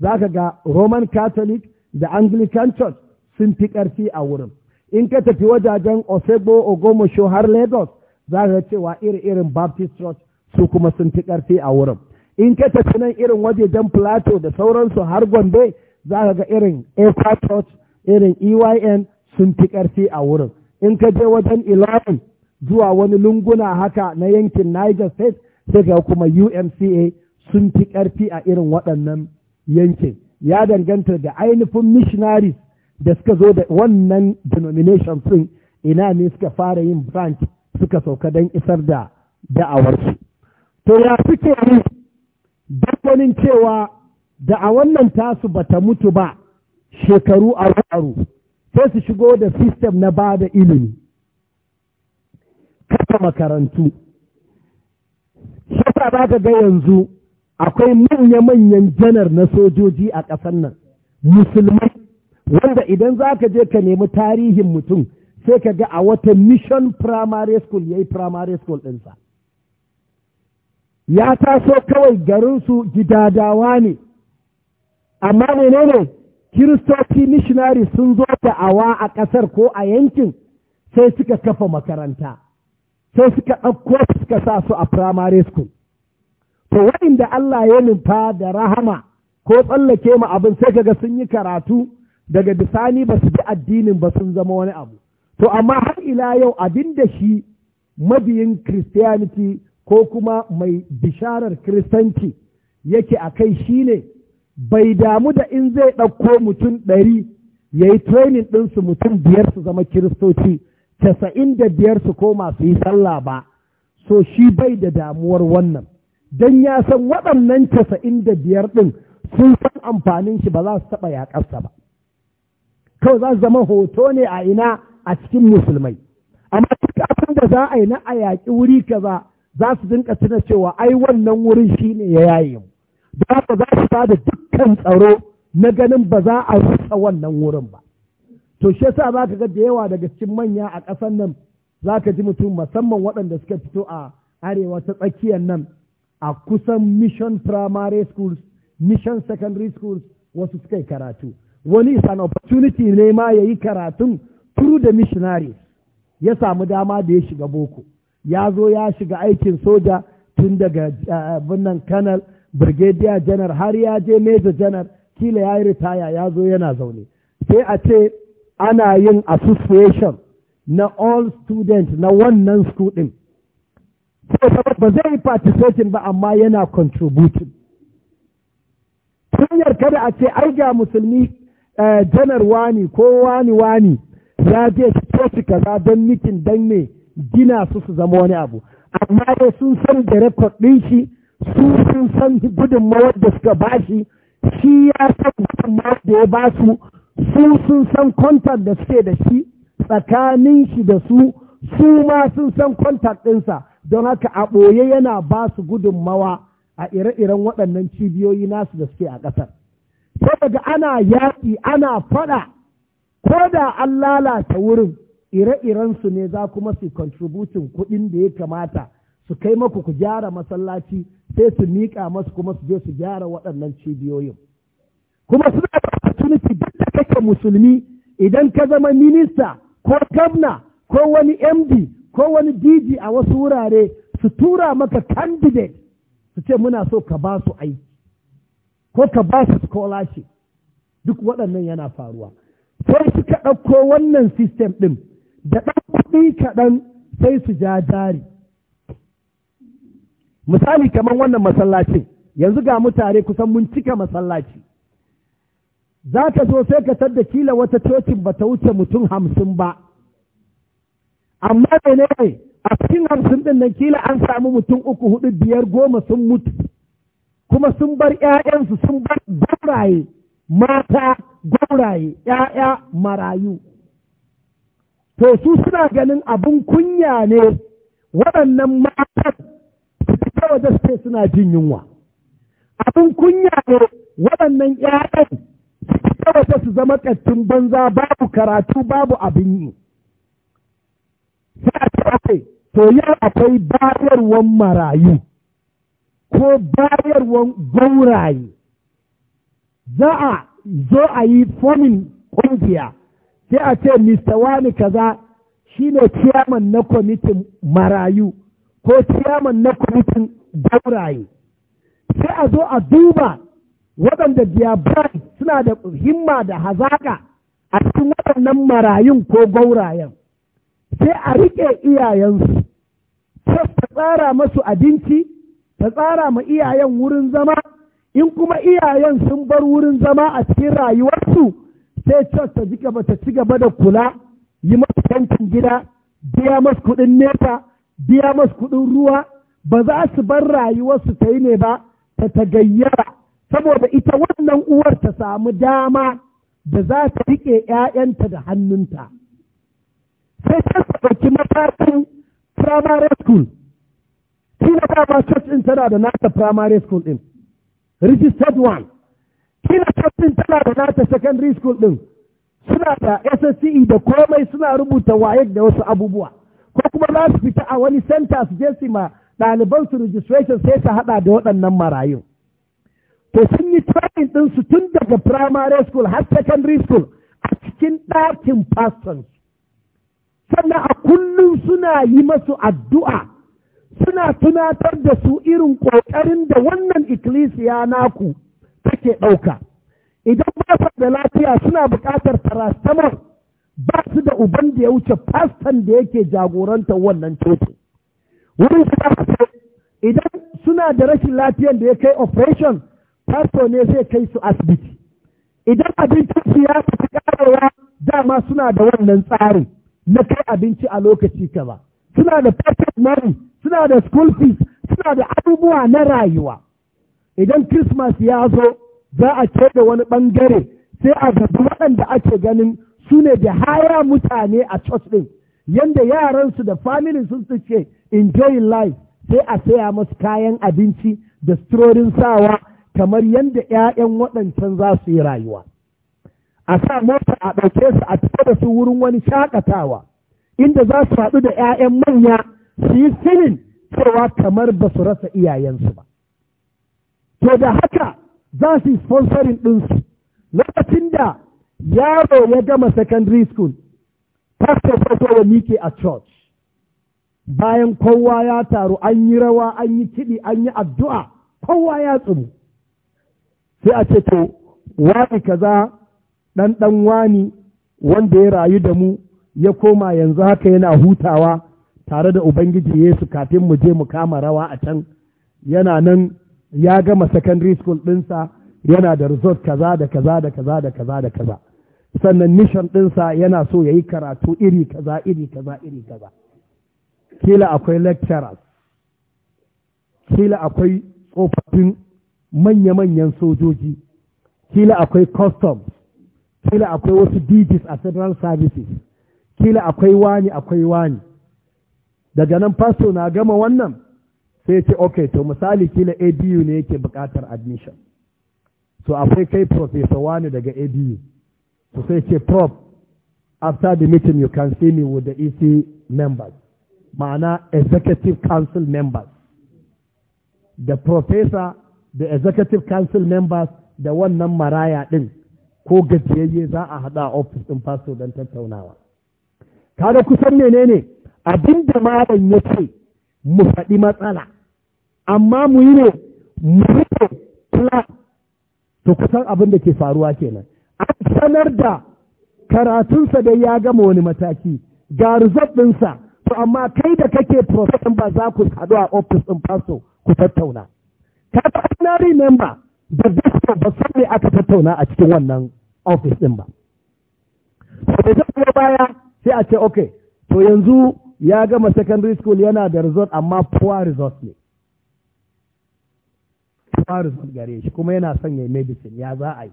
za ka ga Roman Catholic da Anglican Church sun fi ƙarfi a wurin. In ka tafi wajajen Osebo Ogomosho har Lagos za ka cewa iri-irin Baptist Church su kuma sun fi ƙarfi a wurin. In ka tafi nan irin wajajen Plateau da sauransu har Gombe za ka ga irin eka Church, irin EYN sun fi ƙarfi a wurin. In ka je wajen Ilorin zuwa wani lunguna haka na yankin Niger State sai ga kuma UMCA sun fi ƙarfi a irin waɗannan yankin ya danganta da ainihin missionaries da suka zo da wannan denomination sun ina ne suka fara yin branch suka sauka don isar da da'awarsu to ya suke yi dangwanin cewa da a wannan tasu ta mutu ba shekaru aru-aru sai su shigo da system na ba da ilimi kafa makarantu Allah ba ka ga yanzu akwai manya-manyan janar na sojoji a ƙasar nan musulmai wanda idan za ka je ka nemi tarihin mutum sai ka ga a wata mission primary school ya yi primary school ɗinsa ya taso kawai garinsu gidadawa ne amma ne kiristoci missionary sun zo da awa a ƙasar ko a yankin sai suka kafa makaranta sai suka ɗauko suka sa su a primary school to waɗanda Allah ya nufa da rahama ko tsallake mu abin sai kaga sun yi karatu daga bisani ba su bi addinin ba sun zama wani abu to amma har ila yau abin da shi mabiyin christianity ko kuma mai bisharar kiristanci yake a kai shi ne bai damu da in zai ɗauko mutum ɗari ya yi training ɗinsu mutum biyar su zama kiristoci casa'in da biyar su koma su yi sallah ba so shi bai da damuwar wannan don ya san waɗannan casa'in da biyar ɗin sun san amfanin shi ba za su taɓa yaƙarsa ba kawai za su zama hoto ne a ina a cikin musulmai amma duk abin da za a yi na a yaƙi wuri kaza za su dinka tuna cewa ai wannan wurin shi ne ya yaye mu da haka za su bada dukkan tsaro na ganin ba za a rusa wannan wurin ba to shi yasa za ka ga da yawa daga cikin manya a ƙasan nan za ka ji mutum musamman waɗanda suka fito a arewa ta tsakiyar nan a kusan mission primary schools mission secondary schools wasu suka yi karatu wani is an opportunity ne ma ya yi karatun through da missionaries ya samu dama da ya shiga boko ya zo ya shiga aikin soja tun daga eh, birnin kanal brigadier janar har ya je major janar kila ya yi ritaya ya zo yana zaune sai a ce ana yin association na all students na wannan school din ba zai yi participating ba amma yana contributing hanyar kada a ce ai ga musulmi eh, janar wani ko wani wani ya je coci kaza don mikin don me gina su su zama wani abu amma dai sun san da rekod ɗin shi su sun san gudunmawar da suka ba shi shi ya san mawar da ya basu su sun san kwantar da suke da shi tsakanin shi da su su ma sun san kwantar ɗinsa don haka a ɓoye yana ba su gudunmawa a ire-iren waɗannan cibiyoyi nasu da suke a ƙasar. Saboda ana yaƙi ana faɗa ko da an lalata wurin ire-irensu ne za kuma su contributing kuɗin da ya kamata su kai maku ku gyara masallaci sai su miƙa masu kuma su je su gyara waɗannan cibiyoyin. Kuma suna da opportunity duk da kake musulmi idan ka zama minista ko gwamna ko wani MD ko wani didi a wasu wurare su tura maka candidate su ce muna so ka ba su aiki ko ka ba su scholarship duk waɗannan yana faruwa sai suka ɗauko wannan system ɗin da ɗan kuɗi kaɗan sai su ja jari misali kamar wannan masallacin yanzu ga mutane kusan mun cika masallaci za ka so sai ka tadda kila wata cocin ba ta wuce mutum hamsin ba amma mene ne a cikin hamsin ɗin nan kila an samu mutum uku hudu biyar goma sun mutu kuma sun bar 'ya'yansu sun bar gauraye mata gauraye 'ya'ya marayu to su suna ganin abin kunya ne waɗannan matan su fita waje su suna jin yunwa abin kunya ne waɗannan 'ya'yan su fita waje su zama ƙattun banza babu karatu babu abin yi sai a ce to yau akwai bayarwan marayu ko bayarwan gauraye za a zo a yi fomin ƙungiya sai a ce Mista Wani kaza shi ne ciyaman na kwamitin marayu ko ciyaman na kwamitin gauraye sai a zo a duba waɗanda biyabai suna da himma da hazaƙa a cikin waɗannan marayun ko gaurayen sai a riƙe iyayensu ta tsara masu abinci ta tsara ma iyayen wurin zama in kuma iyayen sun bar wurin zama a cikin rayuwarsu sai church ta ji gaba ta ci gaba da kula yi masu yankin gida biya masu kuɗin nefa biya masu kuɗin ruwa ba za su bar rayuwarsu ta yi ne ba ta tagayyara saboda ita wannan uwar ta samu dama da za ta riƙe 'ya'yanta da hannunta. sai ta ɗauki matakin primary school shi na ba church ɗin tana da nata primary school ɗin registered one shi na church ɗin tana da nata secondary school ɗin suna da SSCE da komai suna rubuta waye da wasu abubuwa ko kuma za su fita a wani center su je su ma ɗaliban su registration sai ta haɗa da waɗannan marayu. to sun yi training su tun daga primary school har secondary school a cikin ɗakin pastors sannan a kullum suna yi masu addu'a suna tunatar da su irin ƙoƙarin da wannan ikkilisiya naku take ɗauka idan ba su da lafiya suna buƙatar farasitamol, ba su da uban da ya wuce fastan da yake jagorantar wannan coci wurin idan suna da rashin lafiyan da ya kai operation fasto ne zai kai su asibiti idan abinci ya fi ƙararwa dama suna da wannan tsarin na kai abinci a lokaci ka suna da pocket money suna da school fees suna da abubuwa na rayuwa idan christmas ya zo za a ce da wani bangare sai a zabi waɗanda ake ganin su ne da haya mutane a church ɗin yanda yaransu da familin sun su ce enjoy life sai a saya masu kayan abinci da sawa kamar yadda 'ya'yan waɗancan za su yi rayuwa a sa mota a ɗauke su a fita da su wurin wani shaƙatawa, inda za su haɗu da 'ya'yan manya su yi sinin cewa kamar ba su rasa iyayensu ba. To da haka za su yi sponsorin ɗinsu lokacin da yaro ya gama secondary school pastor fato wa mike a church bayan kowa ya taru an yi rawa an yi kiɗi an yi addu'a kowa ya tsumu sai a ce to wani kaza ɗan ɗan wani wanda ya rayu da mu ya koma yanzu haka yana hutawa tare da Ubangiji Yesu kafin mu je mu kama rawa a can yana nan ya gama secondary school ɗinsa yana da resort kaza da kaza da kaza da kaza da kaza sannan mission ɗinsa yana so ya yi karatu iri kaza iri kaza iri kaza kila akwai lecturers kila akwai tsofaffin manya-manyan sojoji kila akwai customs kila akwai wasu duties a federal services kila akwai wani akwai wani daga nan pastor na gama wannan sai ce ok to misali kila abu ne yake buƙatar admission so akwai kai professor wani daga abu to sai ce prof after the meeting you can see me with the ec members ma'ana executive council members the professor the executive council members da wannan maraya ɗin ko gajiyayye za a haɗa ofis ɗin fasto don tattaunawa Kada kusan menene abin da malam ya ce mu faɗi matsala amma mu yi ne mu yi plan to kusan abin da ke faruwa kenan an sanar da karatunsa dai ya gama wani mataki ga result to amma kai da kake profession ba za ku haɗu a ofis ɗin fasto ku tattauna. Kada ordinary remember da disko ba san me aka tattauna a cikin wannan ofis ɗin ba. Da ta kuma baya sai a ce ok to yanzu ya gama secondary school yana da result amma poor result ne. Poor result gare shi kuma yana son ya medicine ya za a yi.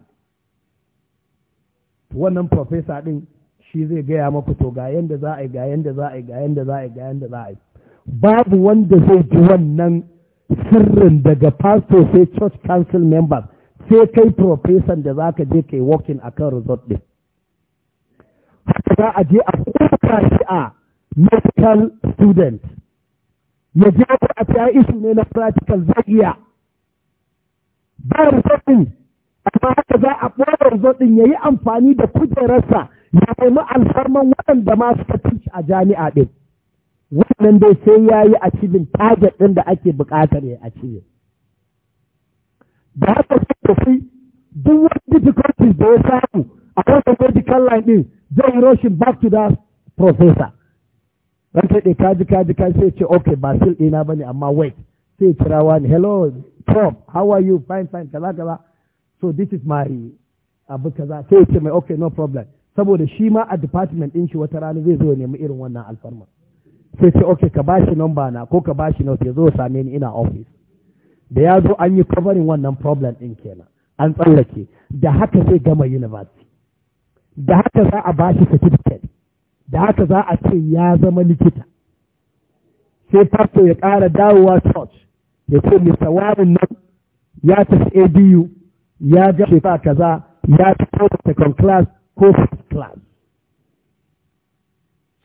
Wannan professor ɗin shi zai gaya maku to ga yanda za a yi ga yanda za a yi ga yanda za a yi ga yanda za a yi. Babu wanda zai ji wannan sirrin daga pastor sai church council members sai kai professor da za ka je ka yi working a kan resort ɗin. Haka za a je a kuka shi a medical student. Ya je a ta isu ne na practical zai iya. Ba resort ɗin, amma haka za a ɓoye resort ɗin ya yi amfani da kujerarsa ya nemi alfarman waɗanda ma suka a jami'a ɗin. wannan dai sai ya yi a cibin target ɗin da ake buƙatar ya achieve da haka sai duk wani difficulties da ya samu a wannan medical line ɗin zai yi roshin back to that professor ran kaɗe kaji kaji kaji sai ce okay ba sil ɗina ba ne amma wait sai kira wani hello Trump how are you fine fine kaza kaza so this is my abu kaza sai ce mai okay no problem saboda shi ma a department ɗin shi wata rana zai zo ya nemi irin wannan alfarmar sai ce ok ka bashi number na ko ka bashi note ya zo same ni ina office da ya zo an yi covering wannan problem din kenan an tsallake da haka sai gama university da haka za a bashi certificate da haka za a ce ya zama likita sai pastor ya ƙara dawowa church ya ce mista warin nan ya tafi abu ya ga shekara kaza ya fito second class ko first class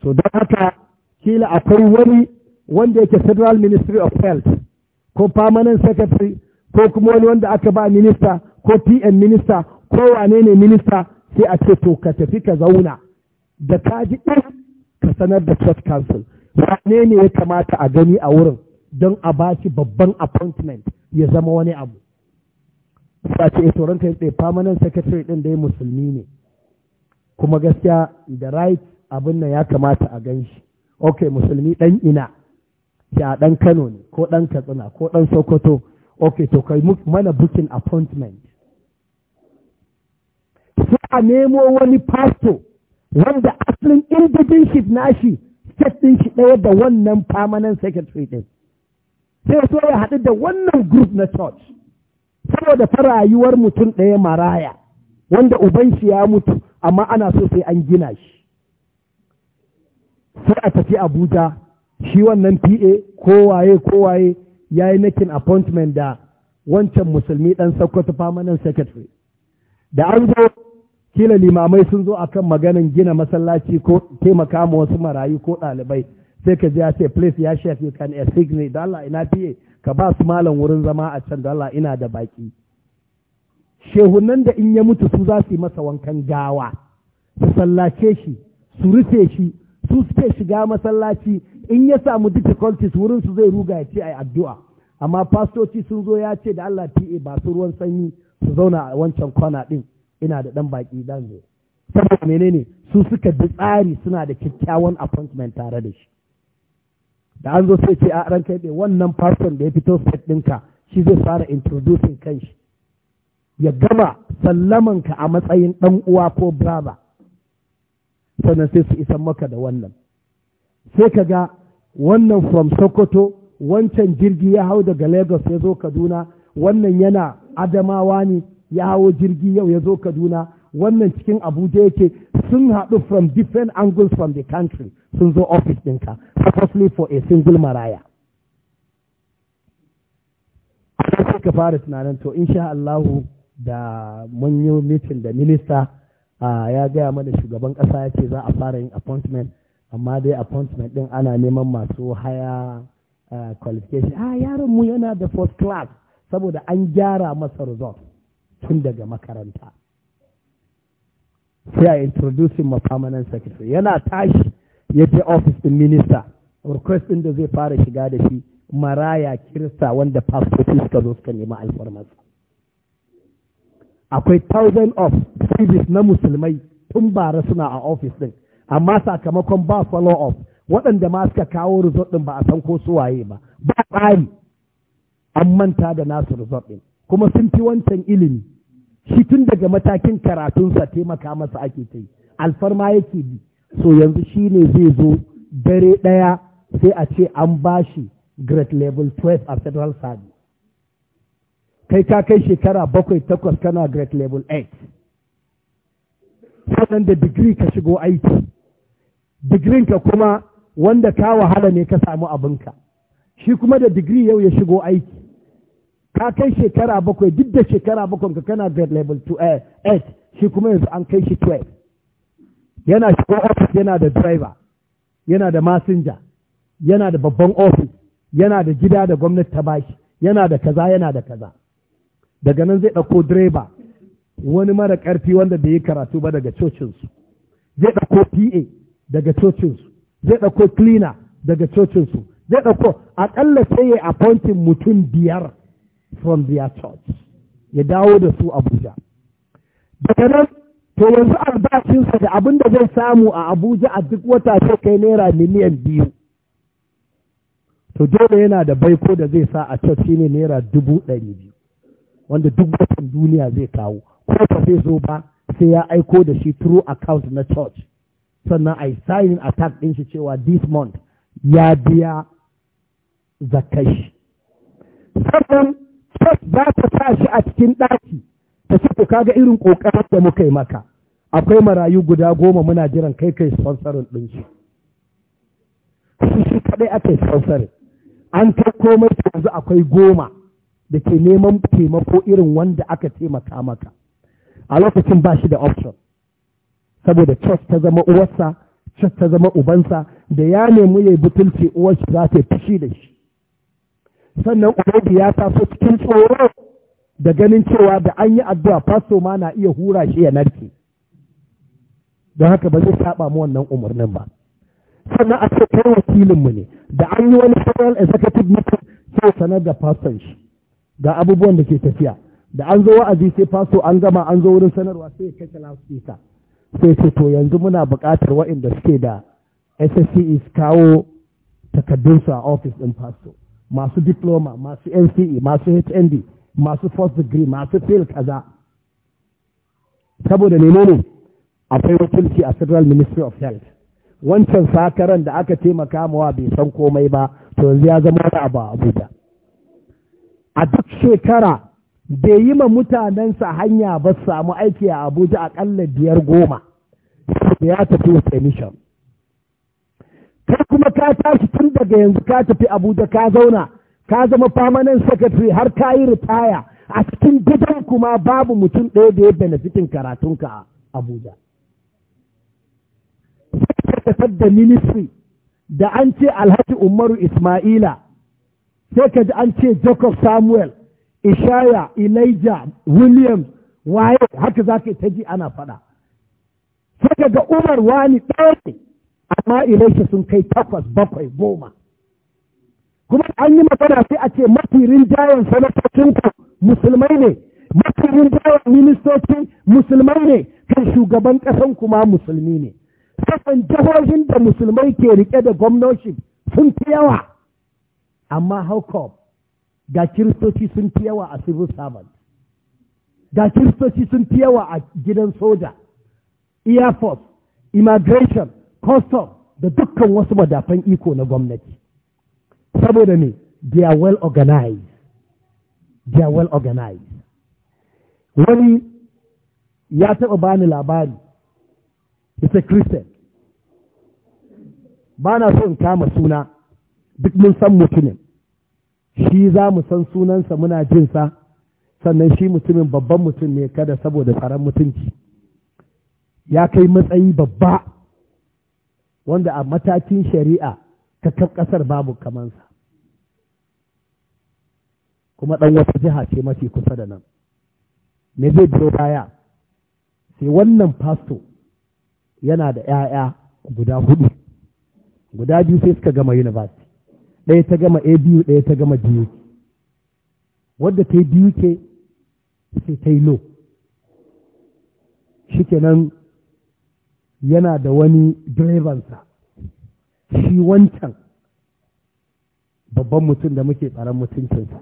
so don haka kila akwai wani wanda yake federal ministry of health ko permanent secretary ko kuma wani wanda aka ba minista ko pm minista ko wane ne minista sai a ce to ka tafi ka zauna da ka ji ka sanar da church council wane ne ya kamata a gani a wurin don a ba shi babban appointment ya zama wani abu sa ce eh, tsoron kai yi permanent secretary ɗin da ya musulmi ne kuma gaskiya da right abin nan ya kamata a gan shi ok musulmi ɗan ina ya ɗan kano ne ko ɗan katsina ko ɗan sokoto ok to kai mana booking appointment sai a nemo wani pasto wanda asalin indigenship nashi state ɗin shi ɗaya da wannan permanent secretary ɗin sai so ya haɗu da wannan group na church saboda ta rayuwar mutum ɗaya maraya wanda uban shi ya mutu amma ana so sai an gina shi sai a tafi abuja shi wannan pa kowaye kowaye ya yi nakin appointment da wancan musulmi ɗan sokoto permanent secretary da an zo kila limamai sun zo akan maganin gina masallaci ko taimaka ma wasu marayu ko ɗalibai sai ka ji ya ce please ya shef you can assign da Allah ina pa ka ba su malam wurin zama a can da Allah ina da baki shehunan da in ya mutu su za su yi masa wankan gawa su sallace shi su rufe shi su suke shiga masallaci in ya samu difficulties wurin su zai ruga ya ce ai addu'a amma pastoci sun zo ya ce da Allah ta ba su ruwan sanyi su zauna a wancan kwana din ina da dan baki dan zo saboda menene su suka bi tsari suna da kyakkyawan appointment tare da shi da an zo sai ce a ranka yaɗe wannan pastor da ya fito set dinka shi zai fara introducing kanshi ya gama sallamanka a matsayin ɗan uwa ko brother sannan sai su isan maka da wannan sai ka ga wannan from sokoto wancan jirgi ya hau daga lagos ya zo kaduna wannan yana adamawa ne ya hau jirgi yau ya zo kaduna wannan cikin abuja yake sun haɗu from different angles from the country sun zo office ɗinka purposely for a single maraya sai ka fara tunanin to insha Allahu da mun yi mitin da minista ya gaya mana shugaban ƙasa ya ce za a fara yin appointment amma dai appointment ɗin ana neman masu haya qualification a yaron mu yana da first class saboda an gyara masa result tun daga makaranta sai a introducing ma permanent secretary yana tashi ya je office ɗin minister request din da zai fara shiga da shi maraya kirista wanda pastor suka zo suka nema alfarmarsa akwai thousand of civis na musulmai tun bara suna a ofis ɗin amma sakamakon ba follow up waɗanda ma suka kawo resort ɗin ba a san ko su waye ba ba tsari an manta da nasu resort ɗin kuma sun fi wancan ilimi shi tun daga matakin karatunsa taimaka masa ake ta yi alfarma yake bi so yanzu shi ne zai zo dare ɗaya sai a ce an bashi grade level 12 a federal service kai ka kai shekara bakwai takwas kana grade level 8 sannan da digiri ka shigo aiki digirin ka kuma wanda ka wahala ne ka samu abinka shi kuma da digiri yau ya shigo aiki ka kai shekara bakwai duk da shekara bakwai ka kana grade level 8 eh, shi kuma yanzu an kai shi 12 yana shigo ofis yana da driver yana da masinja yana da babban ofis yana da gida da gwamnati ta bashi yana da kaza yana da kaza daga nan zai ɗauko direba wani mara ƙarfi wanda bai yi karatu ba daga cocinsu zai ɗauko pa daga cocinsu zai ɗauko cleaner daga cocinsu zai ɗauko aƙalla sai ya appointing mutum biyar from their church ya dawo da su abuja daga nan to yanzu albashinsa da abin da zai samu a abuja a duk wata sai kai naira miliyan biyu to dole yana da baiko da zai sa a church shine naira dubu ɗari biyu wanda duk watan duniya zai kawo ko ba zai zo ba sai ya aiko da shi through account na church sannan a yi signing attack ɗin shi cewa this month ya biya shi sannan church za ta sa shi a cikin ɗaki ta ce ga irin ƙoƙarin da muka yi maka akwai marayu guda goma muna jiran kai kai sponsorin ɗin shi, su shi kaɗai aka yi sponsorin an kai komai yanzu akwai goma da ke neman taimako irin wanda aka taimaka maka a lokacin ba shi da option saboda church ta zama uwarsa church ta zama ubansa da ya nemi ya yi butulci uwarsa za ta fushi da shi sannan ubangi ya taso cikin tsoro da ganin cewa da an yi addu'a fasto ma na iya hura shi ya narke don haka ba zai saba mu wannan umarnin ba sannan a cikin wakilinmu ne da an yi wani federal executive meeting sai sanar da faston shi ga abubuwan da ke tafiya da an zo wa'azi sai faso an gama an zo wurin sanarwa sai ya kashe lasfika sai ce to yanzu muna buƙatar waɗanda suke da SSCE kawo takardunsu a ofis ɗin faso masu diploma masu NCE masu HND masu first degree masu fail kaza saboda menene akwai wakilci a Federal Ministry of Health wancan sakaran da aka taimaka mawa bai san komai ba to yanzu ya zama wani abu a Abuja a duk shekara bai yi ma mutanensa hanya ba su samu aiki a abuja a ƙalla biyar goma da ya tafi wata mishan kai kuma ka tashi tun daga yanzu ka tafi abuja ka zauna ka zama Permanent sakatare har ka yi ritaya a cikin gidan kuma babu mutum ɗaya da ya benefitin ka a abuja da ministry da an ce alhaji umaru ismaila sai ka ji an ce Jacob Samuel, Ishaya, Elijah, William, waye haka za ka ta ji ana faɗa. Sai ka ga Umar wani ɗaya ne, amma Elisha sun kai takwas bakwai goma. Kuma an yi magana sai a ce mafi rinjayen sanatocinku musulmai ne, mafi rinjayen ministoci musulmai ne, kan shugaban ƙasan kuma musulmi ne. Sassan jihohin da musulmai ke rike da gwamnoshin sun fi yawa. amma how come ga kiristoci sun fi yawa a civil servant ga kiristoci sun fi yawa a gidan soja air force immigration custom da dukkan wasu madafan iko na gwamnati saboda ne they are well organized they are well organized wani ya taɓa bani labari it's a christian ba na so in kama suna duk mun san mutumin shi za mu san sunansa muna jinsa sannan shi mutumin babban mutum ne kada saboda tsaron mutunci ya kai matsayi babba wanda a matakin shari'a ta kan ƙasar babu kamansa kuma ɗan wata jiha ce mafi kusa da nan me zai biyo baya sai wannan fasto yana da 'ya'ya guda hudu guda biyu sai suka gama university ɗaya ta gama a biyu ɗaya ta gama biyu wadda ta yi biyu ke sai ta yi lo shikenan yana da wani direbansa shi wancan babban mutum da muke tsaron mutuncinsa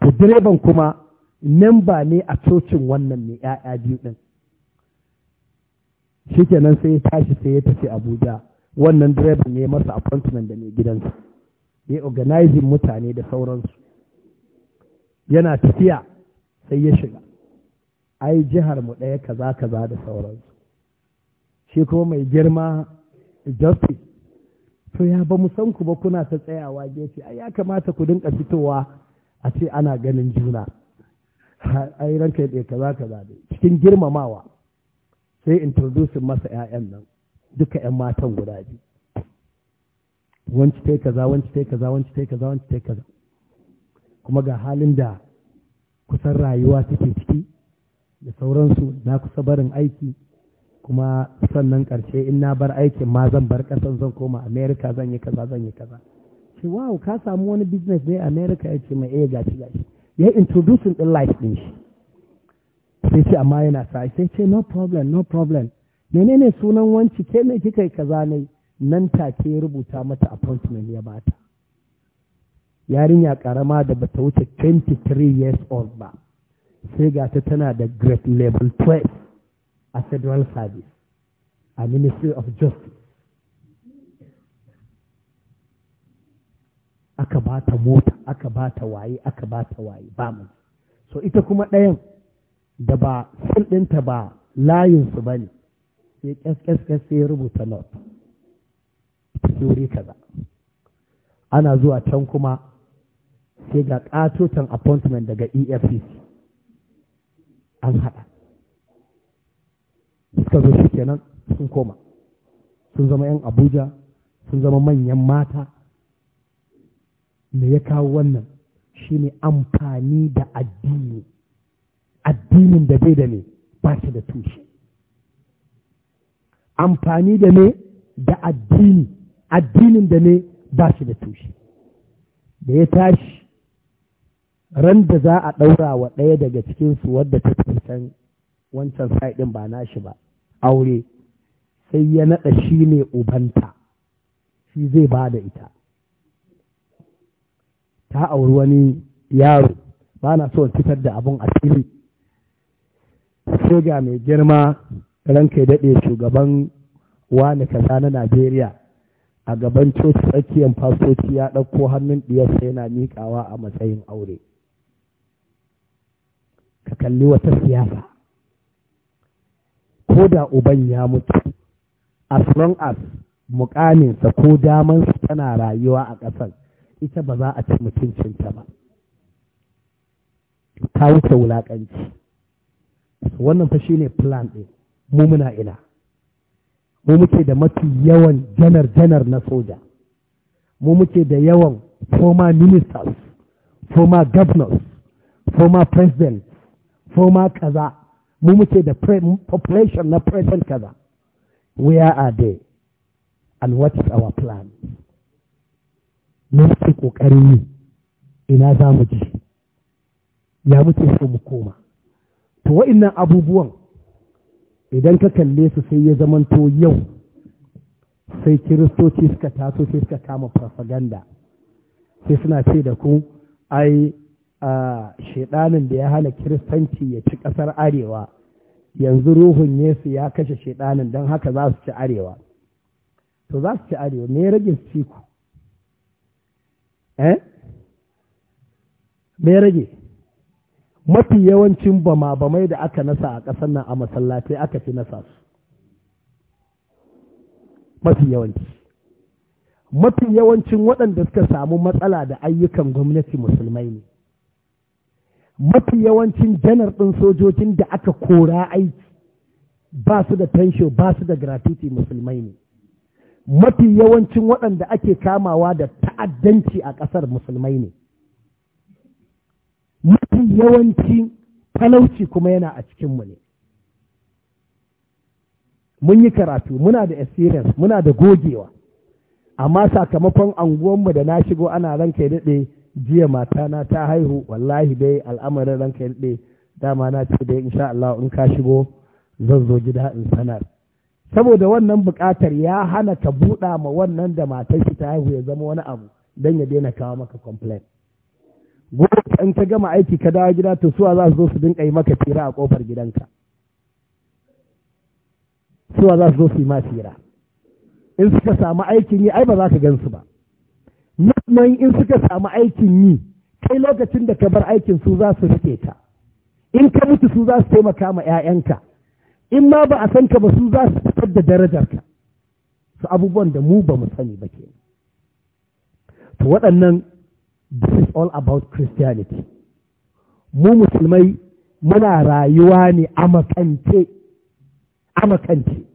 to direban kuma memba ne a cocin wannan ne 'ya'ya biyu ɗin shi kenan sai ya tashi sai ya tafi abuja wannan direban ya yi masa appointment da mai gidansa ya organizing mutane da sauransu yana tafiya sai ya shiga ai jihar mu ɗaya kaza kaza da sauransu shi kuma mai girma justice to ya ba san ku ba kuna ta tsayawa gefe ai ya kamata ku dinka fitowa a ce ana ganin juna ai ranka ya kaza kaza dai cikin girmamawa sai introducing masa 'ya'yan nan duka 'yan matan guda biyu wanci ta yi kaza wanci ta yi kaza wanci ta kaza wanci ta kaza kuma ga halin da kusan rayuwa take ciki da sauransu na kusa barin aiki kuma sannan ƙarshe in na bar aikin ma zan bar ƙasan zan koma Amerika zan yi kaza zan yi kaza ce wow ka samu wani business ne Amerika ya ce mai eh gashi gashi ya introducing in life din shi sai ce amma yana sa sai ce no problem no problem menene sunan wanci ke ne kika yi kaza ne nan take rubuta mata appointment ya bata yarinya karama da bata wuce 23 years old ba sai ga ta tana da grade level 12 a federal service a ministry of justice aka ba ta mota aka ba ta waye aka ba ta waye ba mu so ita kuma ɗayan da ba sul ɗinta ba layinsu ba ne sai ƙasƙasƙas sai rubuta not wuri kaza ana zuwa can kuma sai ga ƙatoton appointment daga efcc an haɗa suka zo shi kenan sun koma sun zama 'yan abuja sun zama manyan mata me ya kawo wannan shi ne amfani da addini addinin da bai da ne ba shi da tushe amfani da ne da addini addinin da ne ba shi da tushe da ya tashi ran da za a ɗaura wa ɗaya daga cikinsu wadda ta san wancan ɗin ba shi ba aure sai ya naɗa shi ne ubanta shi zai ba da ita ta auri wani yaro ba na so fitar da abin asiri ga mai girma ranka ya daɗe shugaban wani kaza na Najeriya a gaban coci tsakiyar fasoci ya ɗauko hannun ɗiyarsa yana miƙawa a matsayin aure. Ka kalli wata siyasa. Ko da uban ya mutu, as long as mukaminsa ko damansa tana rayuwa a ƙasar, ita ba za a ci mutuncinta ba. Ta wuce wulaƙanci. Wannan fa shi ne plan ɗin. mu muna ina mu muke da mafi yawan janar-janar na soja mu muke da yawan former ministers former governors former president former kaza mu muke da population na present kaza where are they and what is our plan mun muke kokarin yi ina za mu ji ya muke so mu koma to wa'innan abubuwan idan ka kalle su sai ya zamanto yau sai kiristoci suka taso sai suka kama farfaganda sai suna ce da ku ai shaidanin da ya hana kiristanci ya ci ƙasar arewa yanzu ruhun yesu ya kashe shaidanin don haka za su ci arewa to za su ci arewa me rage su ci ku eh me rage mafi yawancin bama bamai da aka nasa a ƙasar nan a masallatai aka fi nasa su mafi yawanci mafi yawancin waɗanda suka samu matsala da ayyukan gwamnati musulmai ne mafi yawancin janar ɗin sojojin da aka kora aiki ba su da tensho ba su da gratuity musulmai ne mafi yawancin waɗanda ake kamawa da ta'addanci a ƙasar musulmai ne yawanci talauci kuma yana a cikinmu ne mun yi karatu muna da experience muna da gogewa amma sakamakon anguwanmu da na shigo ana ranka daɗe jiya matana ta haihu wallahi dai al'amarin ranka daɗe dama na ce dai insha Allah in ka shigo zan zo gida in sanar saboda wannan buƙatar ya hana ka buɗa ma wannan da matar shi ta haihu ya zama wani abu don ya daina kawo maka complaint gobe in ka gama aiki ka dawo gida to suwa za su zo su dinka yi maka tsira a kofar gidanka suwa za su zo su yi ma fira in suka samu aikin yi ai ba za ka gan su ba nan in suka samu aikin yi kai lokacin da ka bar aikin su za su rike ka in ka mutu su za su taimaka ma 'ya'yanka in ma ba a san ka ba su za su fitar da darajarka su abubuwan da mu ba mu sani ba ke to waɗannan this is all about Christianity. Mu musulmai muna rayuwa ne a makance, a makance.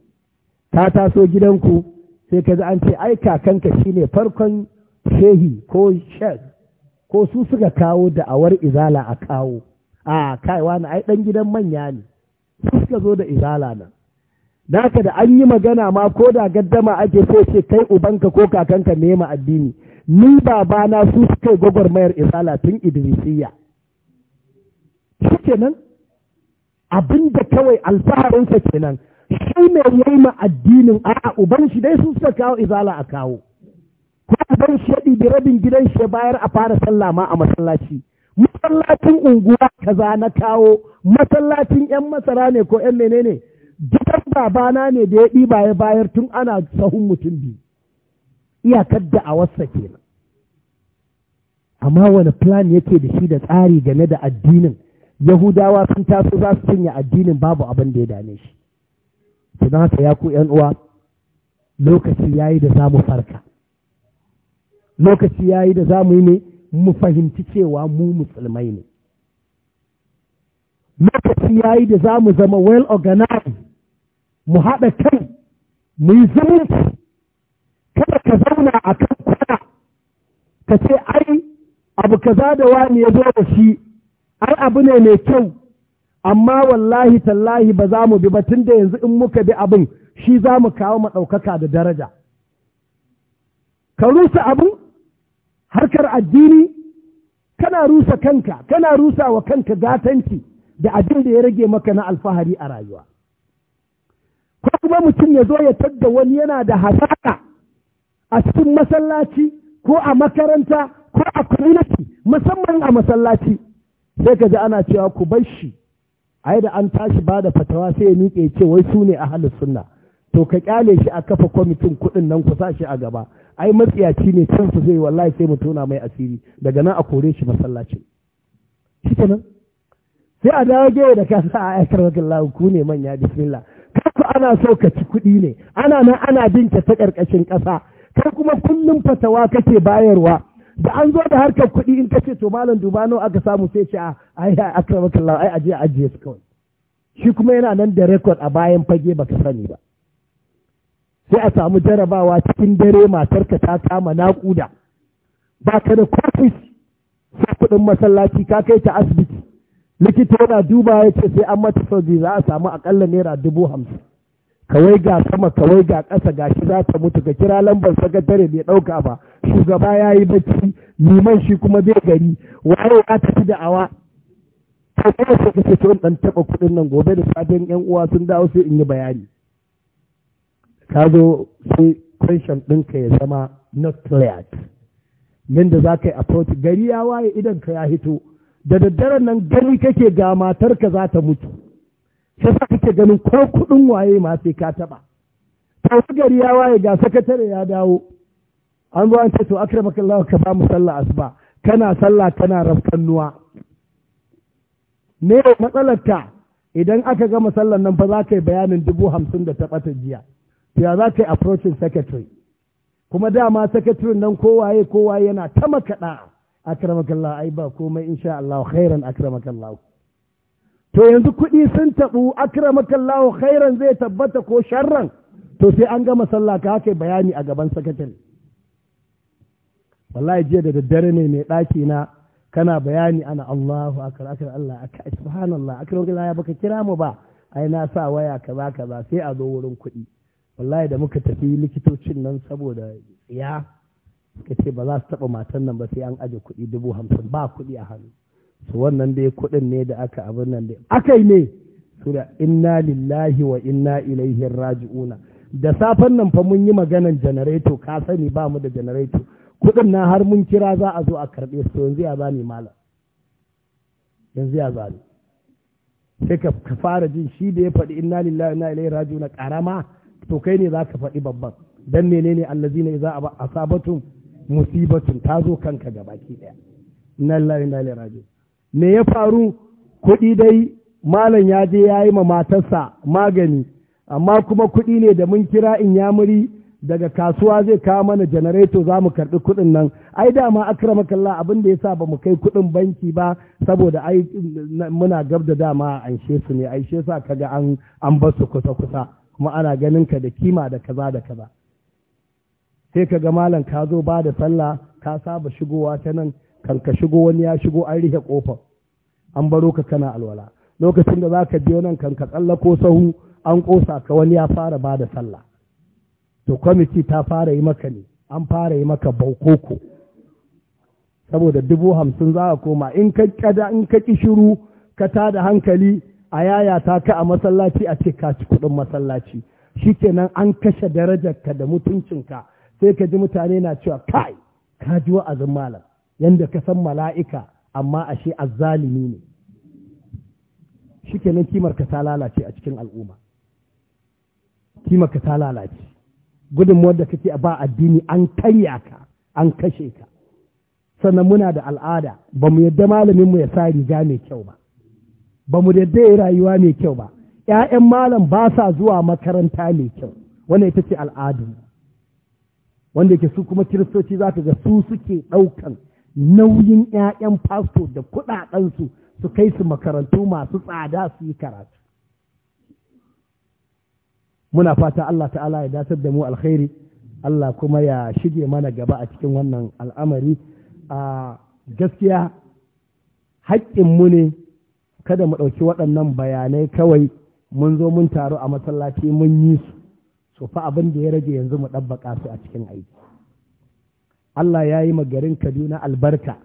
Ta taso gidanku sai ka an ce ai kakanka shine farkon shehi ko shek ko su suka kawo da'awar izala a kawo. A kaiwa na ai ɗan gidan manya ne, su suka zo da izala nan. Naka da an yi magana ma ko da gaddama ake so ce kai ubanka ko kakanka nema addini. ni babana su suke gwagwar gwagwarmayar izala tun idrisiya shi kenan abin da kawai alfaharinsa kenan shi ne ya yi addinin a uban shi dai su suka kawo izala a kawo ko uban shi ya ɗibi rabin gidan shi bayar a fara sallah ma a masallaci masallacin unguwa kaza na kawo masallacin yan masara ne ko yan menene gidan babana ne da ya ɗiba ya bayar tun ana sahun mutum biyu iyakar da'awarsa nan amma wani plan yake da shi da tsari game da addinin yahudawa sun taso za su cinye addinin babu abin da ya dame shi don haka ya ku yan uwa lokaci ya yi da za mu farka lokaci ya yi da za mu yi ne mu fahimci cewa mu musulmai ne lokaci ya yi da za mu zama well organized mu haɗa kai mu yi zumunci kada ka zauna a kan kwana ka ce ai abu kaza da wani ya zo da shi ai abu ne mai kyau amma wallahi tallahi ba za mu bi ba tun da yanzu in muka bi abin shi za mu kawo mu ɗaukaka da daraja ka rusa abu harkar addini kana rusa kanka kana rusa wa kanka gatanci da abin da ya rage maka na alfahari a rayuwa ko kuma mutum ya zo ya tadda wani yana da hasara a cikin masallaci ko a makaranta ko a community musamman a masallaci sai ka ji ana cewa ku bar shi ai da an tashi ba da fatawa sai ya miƙe ce wai su ne halin sunna to ka kyale shi a kafa kwamitin kuɗin nan ku sa shi a gaba ai matsiyaci ne can su zai wallahi sai mu tona mai asiri daga nan a kore shi masallacin shi kenan sai a dawo gewe da ka sa a aikar wakallahu ku ne manya bismillah kaku ana so ka ci kuɗi ne ana nan ana bin ta ta ƙarƙashin ƙasa kai kuma kullum fatawa kake bayarwa da an zo da harkar kuɗi in kace to malam duba nawa aka samu sai ce a ah, ai akramakallahu ai aje ajiye su kawai shi kuma yana nan da rekod a bayan fage baka sani ba sai a samu jarabawa cikin dare matarka ta kama naƙuda ba ka da kofis sai kuɗin masallaci ka kai ta asibiti likita yana duba ya ce sai an mata sauji za a samu aƙalla naira dubu hamsin kawai ga sama kawai ga ƙasa ga shi za ta mutu ka kira lambar sakatare bai ɗauka ba shugaba ya yi bacci liman shi kuma bai gari waye ya tafi da awa ta kuma sai kace to in ɗan taba kuɗin nan gobe da safen yan uwa sun dawo sai in yi bayani ka zo sai question ɗinka ya zama not yadda za ka yi approach gari ya waye idan ka ya hito da daddare nan gani kake ga matarka za ta mutu sai sa kake ganin ko kudin waye ma sai ka taɓa to gari ya waye ga sakatare ya dawo an zo an ce to akramaka Allah ka ba mu sallah asuba kana sallah kana rafkannuwa me matsalar ka idan aka gama sallar nan fa za ka yi bayanin dubu hamsin da ta ɓata jiya to ya za ka yi approaching secretary kuma dama secretary nan kowaye kowaye yana ta makaɗa akramakallah ai ba komai insha Allah khairan akramakallah to yanzu kuɗi sun taɓu akramakallahu khairan zai tabbata ko sharran to sai an gama sallah ka haka bayani a gaban sakatare wallahi jiya da daddare ne mai ɗaki na kana bayani ana Allahu akbar akbar Allah akbar subhanallah akbar ya baka kira mu ba ai na sa waya kaza kaza sai a zo wurin kuɗi wallahi da muka tafi likitocin nan saboda ya suka ce ba za su taɓa matan nan ba sai an aje kuɗi dubu hamsin ba kuɗi a hannu su wannan dai kuɗin ne da aka abin nan dai akai ne su da inna lillahi wa inna ilaihi raji'una da safen nan fa mun yi maganan janareto ka sani ba mu da janareto kuɗin na har mun kira za a zo a karɓe su yanzu ya zani malam yanzu ya zani sai ka fara jin shi da ya faɗi inna lillahi inna ilaihi raji'una karama to kai ne za ka faɗi babban dan menene allazina iza asabatu musibatun ta zo kanka gabaki daya inna lillahi inna ilaihi raji'un me ya faru kuɗi dai malam ya je ya yi ma matarsa magani amma kuma kuɗi ne da mun kira in yamuri daga kasuwa zai kawo mana janareto za mu karɓi kuɗin nan ai da dama akramakallah abin da yasa ba mu kai kuɗin banki ba saboda ai muna gab da dama an she su ne ai she sa kaga an an bar su kusa kusa kuma ana ganin ka da kima da kaza da kaza sai kaga malam ka zo ba da sallah ka saba shigowa ta nan kan ka shigo wani ya shigo an rike kofar an baro ka kana alwala lokacin da za ka biyo nan kan ka tsallako sahu an kosa ka wani ya fara ba da sallah to kwamiti ta fara yi maka ne an fara yi maka baukoko saboda dubu hamsin za a koma in ka kada in ka ki shiru ka ta da hankali a yaya ta ka a masallaci a ce ka ci kuɗin masallaci shikenan an kashe darajar ka da mutuncinka sai ka ji mutane na cewa kai ka ji wa'azin malam yanda ka san mala'ika amma ashe azzalimi ne shi kenan kimar ka ta lalace a cikin al'umma kimar ka ta lalace gudunmuwar da kake ba addini an karya ka an kashe ka sannan muna da al'ada ba mu yadda malamin mu ya sa riga mai kyau ba ba mu yadda ya rayuwa mai kyau ba ‘ya'yan malam ba sa zuwa makaranta mai kyau wanda ita ce al'adu wanda yake su kuma kiristoci za ka ga su suke ɗaukan nauyin 'ya'yan fasto da kuɗaɗensu su kai su makarantu masu tsada su yi karatu muna fata Allah ta'ala ya datar da mu alkhairi Allah kuma ya shige mana gaba a cikin wannan al'amari a gaskiya mu ne kada mu ɗauki waɗannan bayanai kawai mun zo mun taru a masallaci mun yi su so fa abin da ya rage yanzu mu ɗabbaƙa su a cikin aiki Allah ya yi garin Kaduna albarka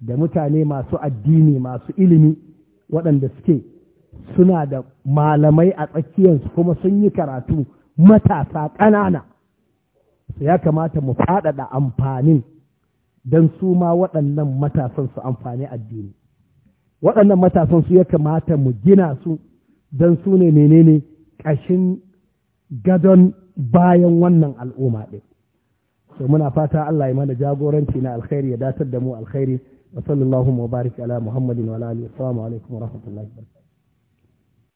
da mutane masu addini masu ilimi waɗanda suke suna da malamai a tsakiyarsu kuma sun yi karatu matasa ƙanana ya kamata mu faɗaɗa amfanin don su ma waɗannan matasan su amfani addini waɗannan matasan su ya kamata mu gina su don su ne menene ƙashin gadon bayan wannan al'umma ɗin to muna fata Allah ya mana jagoranci na alkhairi ya datar da mu alkhairi wa sallallahu wa barik ala muhammadin wa alihi assalamu alaikum wa rahmatullahi wa barakatuh